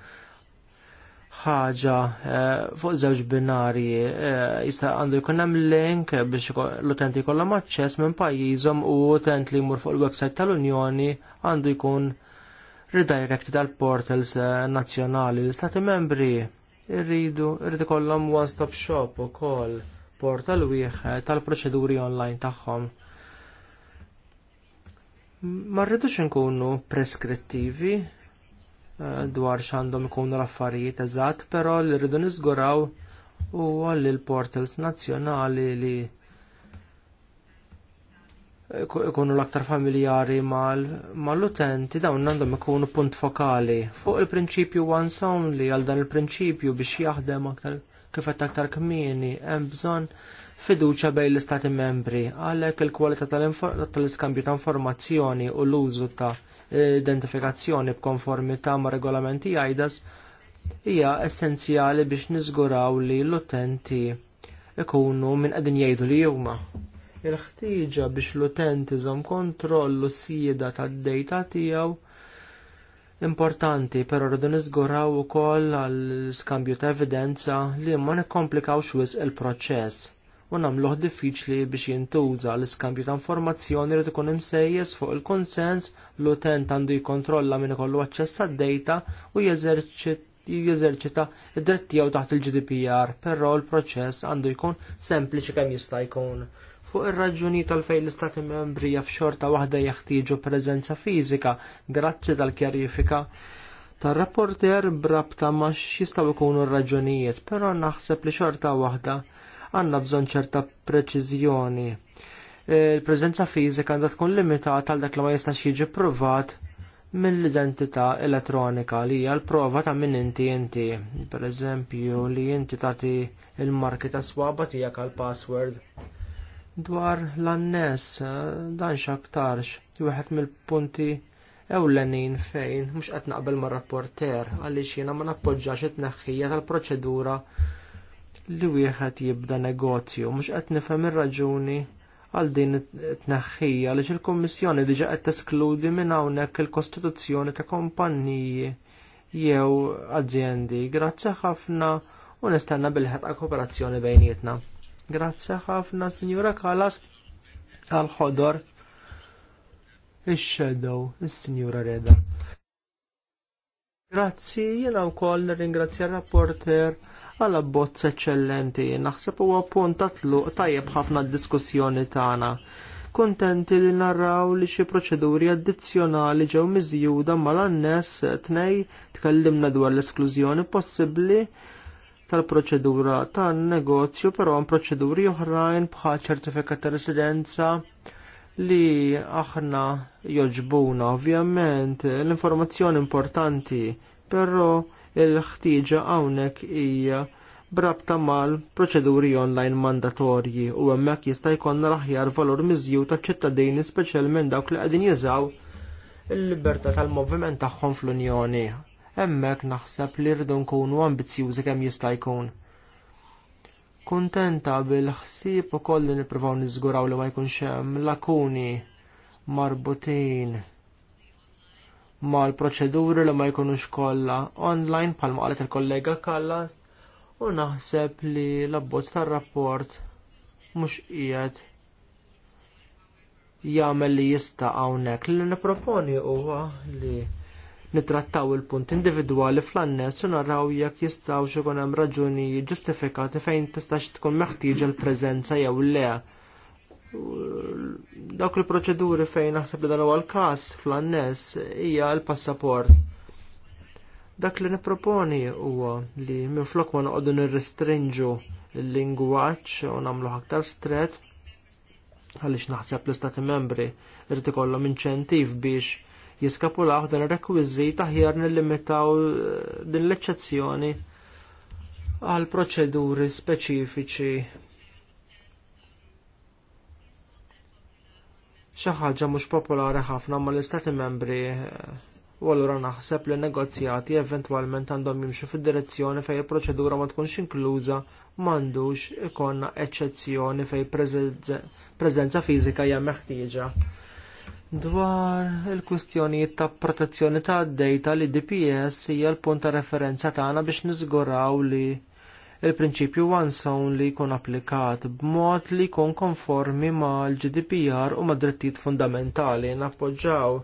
ħaġa eh, fuq żewġ binarji eh, jista' għandu jkun hemm link biex l-utenti jkollhom aċċess minn pajjiżhom u utent li jmur fuq il-website tal-Unjoni għandu jkun redirect tal portals eh, nazzjonali l-Istati membri irridu irridu ikollhom one-stop shop ukoll portal wieħed tal-proċeduri online tagħhom. Ma rridux inkunu preskrittivi eh, dwar x'għandhom ikunu l-affarijiet eżatt, però li rridu niżguraw huwa li l-portals nazzjonali li ikunu l-aktar familjari mal-utenti dawn għandhom ikunu punt fokali fuq il-prinċipju one sound li għal dan il-prinċipju biex jaħdem aktar kifet aktar kmieni hemm bżonn fiduċa bejn l-istati membri għalhekk il-kwalità tal-iskambju ta' informazzjoni u l-użu ta' identifikazzjoni b'konformità ma' regolamenti għajdas hija essenzjali biex niżguraw li l-utenti ikunu minn qegħdin jgħidu li huma il-ħtieġa biex l-utent iżom kontrollu s sjieda tad-dejta tiegħu importanti, però rridu niżguraw ukoll għall skambju ta' evidenza li ma nikkomplikawx wisq il-proċess u nagħmluh diffiċli biex jintuża l-iskambju ta' informazzjoni li tkun imsejjes fuq il-konsens l-utent għandu jikkontrolla min ikollu aċċess għad-dejta u jeżerċita id-dritt tiegħu taħt il-GDPR, però l-proċess għandu jkun sempliċi kemm jista' jkun fuq ir-raġuni tal-fejn l-istati membri jaf xorta waħda jeħtieġu preżenza fiżika grazzi tal-kjarifika tar-rapporter brabta ma jistgħu jkunu r-raġunijiet, però naħseb li xorta waħda għandna bżonn ċerta preċiżjoni. Il-preżenza fiżika għandha tkun limitata għal dak li ma jistax jiġi provat mill-identità elettronika li hija l-prova ta' min inti inti. pereżempju li inti tagħti l marki ta' swaba tiegħek għal password Dwar l-annes, dan xaktarx, wieħed mill-punti ewlenin fejn mhux qed naqbel mar-rapporter għaliex jiena ma nappoġġax it-tneħħija tal-proċedura li wieħed jibda negozju, mhux qed nifhem ir-raġuni għal din it-tneħħija għaliex il-Kummissjoni diġa qed teskludi minn hawnhekk il-kostituzzjoni ta' kompanniji jew aziendi. Grazzi ħafna u nistenna bil-ħerqa kooperazzjoni bejnietna. Grazzi ħafna, Sinjura Kallas, għal-ħodor, ix shadow il-Sinjura Reda. Grazzi, jena u koll ringrazzja rapporter għal bozz eccellenti. Naħseb huwa punt tluq tajjeb ħafna d-diskussjoni tagħna. Kontenti li narraw li xi proċeduri addizzjonali ġew miżjuda mal-anness tnej tkellimna dwar l-esklużjoni possibbli tal-proċedura tan-negozju, però hemm proċeduri oħrajn bħal ċertifikat ta' residenza li aħna joġbuna ovvjament l-informazzjoni importanti, però il-ħtieġa hawnhekk hija brabta mal proċeduri online mandatorji u hemmhekk jista' jkollna l-aħjar valur miżju taċ ċittadini speċjalment dawk li qegħdin jużaw il-libertà tal-moviment tagħhom fl-Unjoni hemmhekk naħseb li rridu nkunu ambizzjużi kemm jista' jkun. Kuntenta bil-ħsieb ukoll li nippruvaw niżguraw li ma jkunx hemm lakuni marbutin mal proċeduri li ma jkunux kollha online bħalma qalet il-kollega Kalla u naħseb li l-abbozz tar-rapport mhux qiegħed jagħmel li jista' hawnhekk li nipproponi huwa li nitrattaw il-punt individwali fl-annes u naraw jekk jistgħu ikun hemm raġuni ġustifikati fejn tistax tkun meħtieġa l-preżenza jew le. Dawk il-proċeduri fejn naħseb li dan huwa l-każ fl-annes hija l-passaport. Dak li nipproponi huwa li minflok ma noqogħdu nirrestrinġu l-lingwaġġ u nagħmlu aktar stret għaliex naħseb l-istati membri irid ikollhom inċentiv biex Jiskapulaħ dan ir-rekwiżit aħjar nillimitaw eh, din l-eċċezzjoni għal proċeduri speċifiċi xi ħaġa mhux popolari ħafna mal-Istati Membri eh, u allura naħseb li negozjati eventwalment għandhom jimxu fid-direzzjoni fejn il-proċedura ma tkunx inkluża m'għandux ikonna eċċezzjoni fejn preżenza fiżika hija meħtieġa dwar il-kwistjonijiet ta' protezzjoni ta' data li DPS hija l-punt ta' referenza tagħna biex niżguraw li il-prinċipju once li jkun applikat b'mod li jkun konformi mal gdpr u mad drittijiet fundamentali nappoġġaw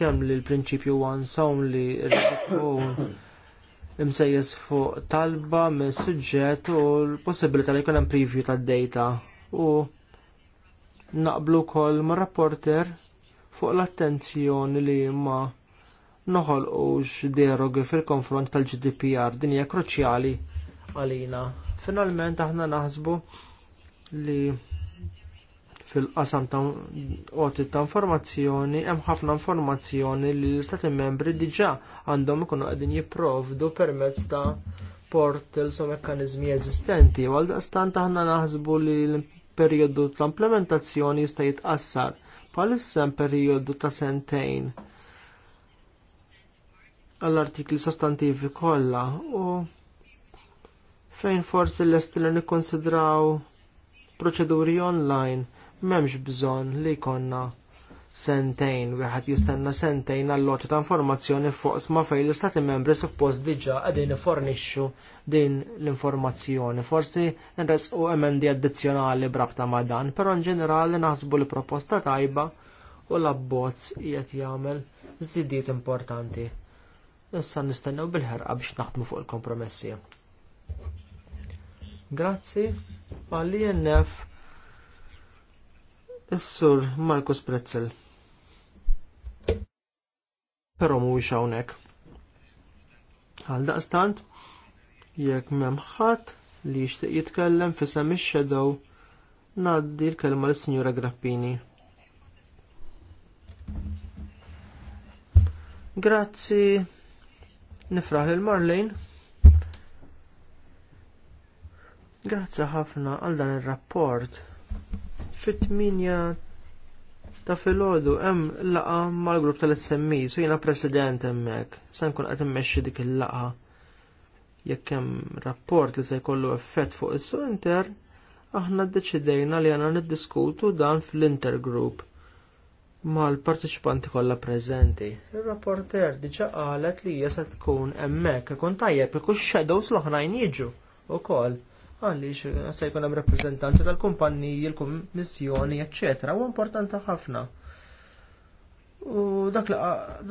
kemm li l-prinċipju once li jkun imsejjes fuq talba mis suġġett u l-possibilità li jkun hemm preview tad-data u naqblu wkoll mar rapporter fuq l-attenzjoni li ma noħolqux derogi fil-konfront tal-GDPR din hija kruċjali għalina. Finalment aħna naħsbu li fil-qasam ta' qoti ta' informazzjoni hemm ħafna informazzjoni li l-Istati membri diġà għandhom ikunu qegħdin jipprovdu permezz ta' portals u mekkaniżmi eżistenti. Għal daqstant aħna naħsbu li l perjodu ta' implementazzjoni jista' jitqassar bħalissa perjodu ta' sentejn għall-artikli sostantivi kollha u fejn forsi l-estil nikkonsidraw proċeduri online m'hemmx bżonn li jkollna sentejn, wieħed jistenna sentejn għall-loti ta' informazzjoni fuq sma fejn l-istati membri suppost diġà qegħdin ifornixxu din l-informazzjoni. Forsi nresqu emendi addizzjonali brabta ma' dan, però in ġenerali naħsbu l-proposta tajba u l-abbozz qiegħed jagħmel żidiet importanti. Issa nistennew bil-ħerqa biex naħdmu fuq il-kompromessi. Grazzi għalli INF is-sur Markus Pretzel però mhuwiex hawnhekk. Għaldaqstant, jekk m'hemm ħadd li jixtieq jitkellem fi sem ix-shadow ngħaddi l-kelma lis signora Grappini. Grazzi, nifraħ il-Marlin. Grazzi ħafna għal dan ir rapport fit-8 ta' filgħodu hemm laqa mal-grupp tal-SMI, e, so jiena president hemmhekk, se nkun qed immexxi dik il-laqa. Jekk hemm rapport li se jkollu effett fuq is-su inter, aħna ddeċidejna li għandna niddiskutu dan fl-intergroup mal parteċipanti kollha preżenti. Ir-rapporter diġà qalet li hija se tkun hemmhekk ikun tajjeb ikux shadows l-oħrajn jiġu wkoll għaliex eh, se jkun hemm rappreżentanti tal-kumpanniji, il kummissjoni eċċetera, u importanti ħafna. U dak li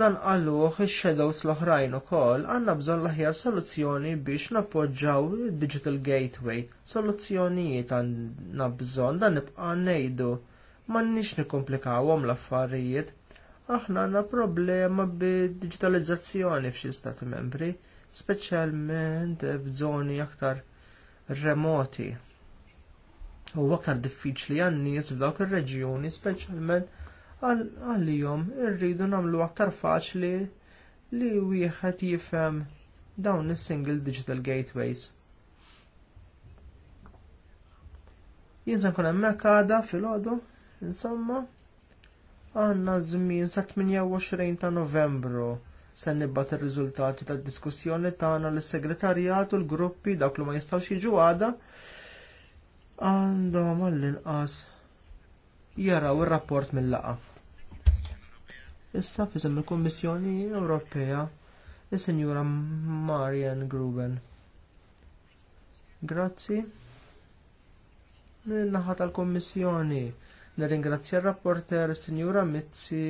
dan għalluh ix-shadows l-oħrajn ukoll għandna bżonn l-aħjar soluzzjoni biex nappoġġaw digital gateway. Soluzzjonijiet għandna bżonn dan nibqa' ngħidu. M'għandniex nikkomplikawhom l-affarijiet. Aħna għandna problema bid-digitalizzazzjoni f'xi stati membri, speċjalment f'żoni aktar remoti. U aktar diffiċli għan-nies f'dawk ir-reġjuni speċjalment għalihom irridu nagħmlu aktar faċli li wieħed jifhem dawn is-single digital gateways. Jiena nkun hemmhekk għada filgħodu, insomma, għandna żmien sa 28 ta' Novembru se nibbat ir-riżultati tad-diskussjoni tagħna lis segretarjat u l-gruppi dak li ma jistgħux jiġu għada għandhom għall-inqas jaraw ir-rapport mill laqa Issa fiżem il-Kummissjoni Ewropea is-Sinjura Marian Gruben. Grazzi. min tal kummissjoni nirringrazzja r rapporter Sinjura Mizzi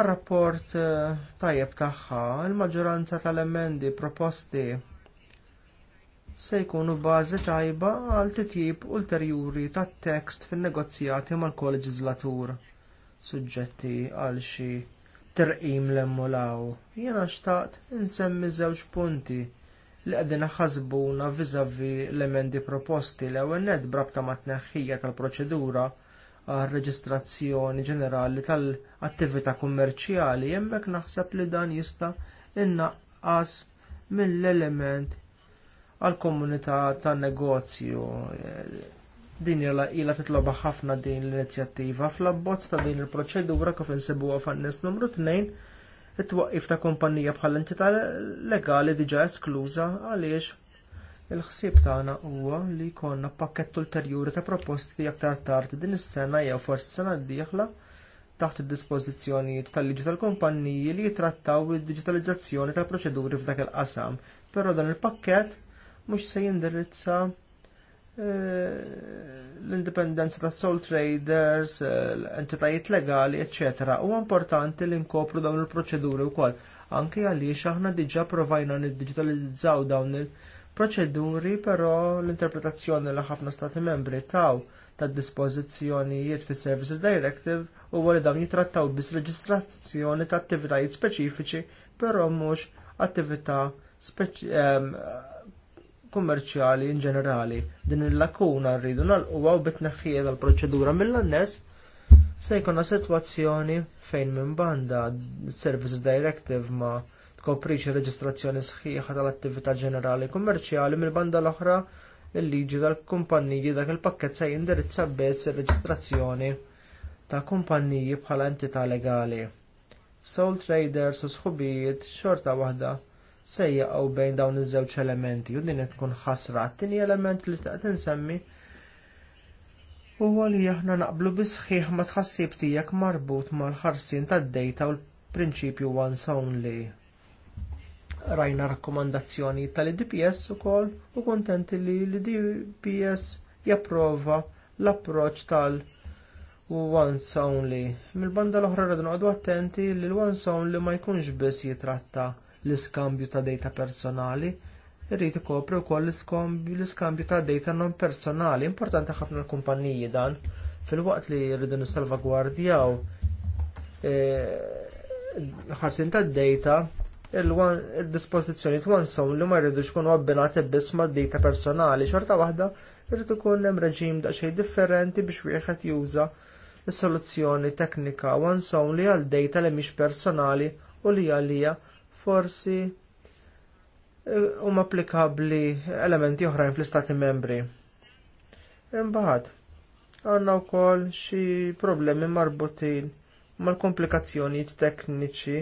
Ar-rapport eh, tajjeb tagħha, il-maġġoranza tal-emendi proposti se jkunu bażi tajba għal titjib ulterjuri tat-tekst fin-negozjati mal-koleġislatur suġġetti għal xi terqim l-emmolaw. Jena xtaqt insemmi żewġ punti li għedina ħasbuna viżavi l-emendi proposti l ewwel nedbra b'tama tneħħija tal-proċedura għal reġistrazzjoni ġenerali tal-attività kummerċjali hemmhekk naħseb li dan jista' innaqqas mill-element għall komunità tan negozju din ila titloba ħafna din l-inizjattiva fl-abbozz ta' din il-proċedura kif insibuha fan numru 2 it-twaqqif ta' kumpanija bħal entità legali diġà eskluża għaliex Il-ħsieb tagħna huwa li jkollna pakkett ulterjuri ta' proposti aktar tard din is-sena jew forsi sena d-dieħla taħt id-dispożizzjonijiet tal-liġi tal-kumpanniji li jitrattaw id-diġitalizzazzjoni tal-proċeduri f'dak il-qasam, però dan il-pakkett mhux se jindirizza eh, l-indipendenza tas sole traders, eh, l-entitajiet legali, etc. U importanti li nkopru dawn il-proċeduri wkoll anke għaliex aħna diġà provajna niddiġitalizzaw dawn il- proċeduri però l-interpretazzjoni li ħafna stati membri taw tad dispożizzjonijiet fis Services Directive huwa li dawn jitrattaw biss reġistrazzjoni ta' attivitajiet speċifiċi però mhux attività ehm, kummerċjali in ġenerali. Din il-lakuna rridu nalquwa u bitneħħija tal-proċedura mill-annes se jkunna sitwazzjoni fejn minn banda Services Directive ma' tkopriċ reġistrazzjoni sħiħa tal-attività ġenerali kummerċjali mill-banda l-oħra il-liġi tal-kumpanniji dak il-pakket se jindirizza biss ir-reġistrazzjoni ta' kumpanniji bħala entità legali. Soul traders u sħubijiet xorta waħda sejja jaqgħu bejn dawn iż-żewġ elementi u din qed tkun ħasra. T-tieni element li taqt insemmi huwa li aħna naqblu bi sħiħ ma tħassib tiegħek marbut mal-ħarsien tad-dejta u l-prinċipju once only Rajna rakkomandazzjoni tal-DPS ukoll u kontenti li l-DPS e japprova l approċċ tal- once only. Mil-banda l-oħra rridu noqogħdu attenti li l-once only ma jkunx biss jitratta l-iskambju ta' data personali, irrid ikopri wkoll l-iskambju ta' data non personali. Importanti ħafna l-kumpaniji dan fil-waqt li rridu nissalvagwardjaw eh, ħarsin tad data il-dispożizzjoni twansawm li ma rridux ikunu abbinati biss mad-data personali xorta waħda jrid ikun hemm reġim xej differenti biex wieħed juża il soluzzjoni teknika wansawn li għal dejta li mhix personali u li għalija forsi e, huma applikabbli elementi oħrajn fl-istati membri. Imbagħad, għandna wkoll xi problemi marbutin mal-komplikazzjonijiet tekniċi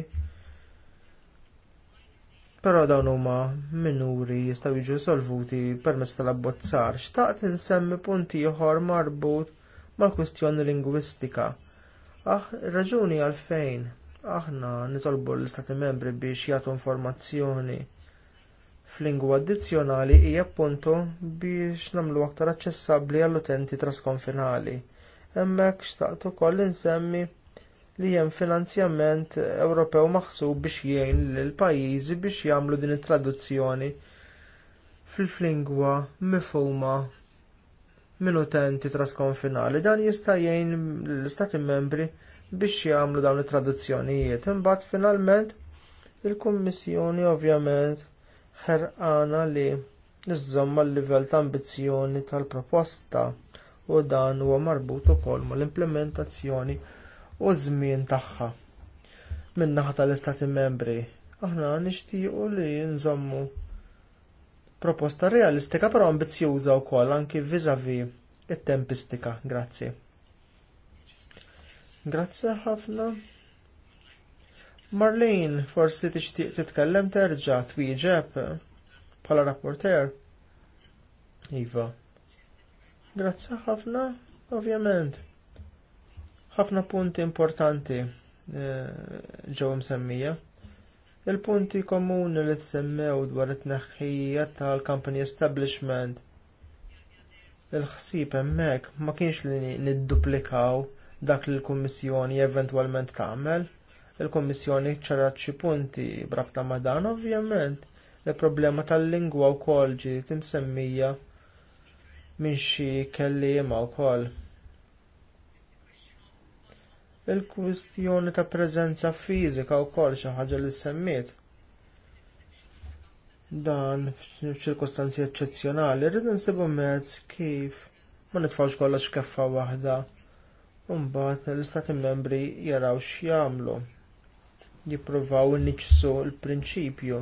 Però dawn huma minuri jistgħu jiġu solvuti permezz tal-abbozzar xtaqt insemmi punti ieħor marbut mal-kwistjoni lingwistika. Aħ, raġuni għalfejn aħna nitolbu l-istati membri biex jagħtu informazzjoni f'lingwa addizzjonali hija appuntu biex nagħmlu aktar aċċessabbli għall-utenti trasconfinali. Hemmhekk xtaqt ukoll insemmi li hemm finanzjament Ewropew maħsub biex jgħin lill pajjiżi biex jagħmlu din it-traduzzjoni fil-lingwa mifhuma minn utenti trasconfinali. Dan jista' jgħin l-Istati membri biex jagħmlu dawn it-traduzzjonijiet. Imbagħad finalment il-Kummissjoni ovvjament ħerqana li niżżomm mal-livell ta' ambizzjoni tal-proposta u dan huwa marbut ukoll mal-implementazzjoni u żmien tagħha. Min-naħa tal-Istati Membri, aħna nixtiequ li nżommu proposta realistika però ambizzjuża wkoll anki viżavi it-tempistika. Grazzi. Grazzi ħafna. Marlene, forsi tixtieq titkellem terġa' twieġeb bħala rapporter. Iva. Grazzi ħafna, ovvjament. Ħafna punti importanti eh, ġew msemmija. Il-punti komuni li tsemmew dwar it-tneħħija tal-company establishment il-ħsieb hemmhekk ma kienx li nidduplikaw dak li l-Kummissjoni eventwalment tagħmel. Il-Kummissjoni ċarat xi punti brabta ma' dan ovvjament. Il-problema tal-lingwa wkoll ġiet insemmija minn xi kelliema wkoll il-kwistjoni ta' preżenza fiżika wkoll xi ħaġa li semmiet. Dan f'ċirkostanzi eċċezzjonali rrid insibu mezz kif ma nitfawx kollox keffa waħda u mbagħad l-istati membri jaraw x'jagħmlu. Jippruvaw niċsu l-prinċipju,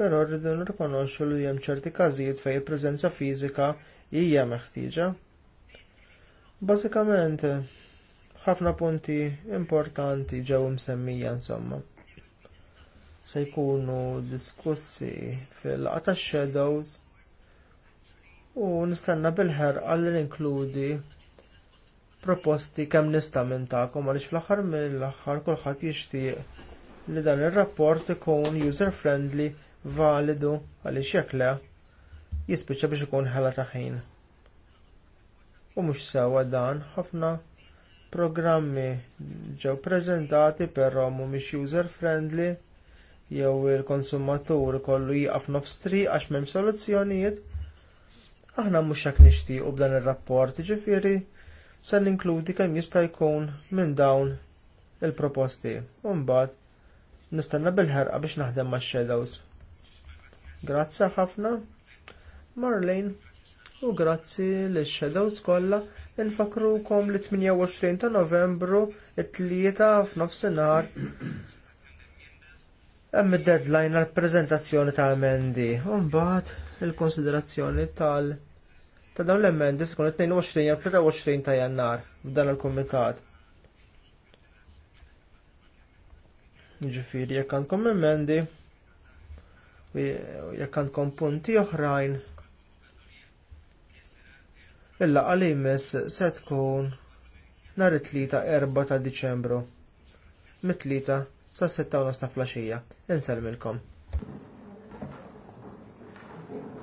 però rridu nirrikonoxxu li hemm ċerti każijiet fejn il-preżenza fiżika hija meħtieġa. Bażikament, ħafna punti importanti ġew msemmija insomma. Se jkunu diskussi fil laqgħa tax-shadows u nistanna bil-ħerqa li ninkludi proposti kemm nista' minn tagħkom għaliex fl-aħħar mill-aħħar kulħadd jixtieq li dan ir-rapport ikun user friendly, validu għaliex jekk le jispiċċa biex ikun ħela ta' ħin. U mhux sewwa dan ħafna programmi ġew preżentati però mhumiex user friendly jew il-konsumatur kollu jieqaf triq għax m'hemm soluzzjonijiet, aħna mhux hekk nixtiequ b'dan ir-rapport, ġifieri se ninkludi kemm jista' jkun minn dawn il-proposti. u mbagħad nistenna bil-ħerqa biex naħdem max-shadows. Grazzi ħafna, Marlene, u grazzi lix shadows kollha Infakrukom li 28 ta' novembru it-tlieta f'nofsinhar hemm id-deadline għal preżentazzjoni ta' emendi. u mbagħad il-konsiderazzjoni tal ta' dawn l-emendi tkun 22 jew 23 ta' jannar f'dan il-kumitat. Ġifieri jekk għandkom emendi jekk għandkom punti oħrajn Il-laqgħa li jmiss se tkun nhar it-tlieta 4 ta' Diċembru. Mit-tlieta sa' 6 ta' flaxija. Inselmilkom.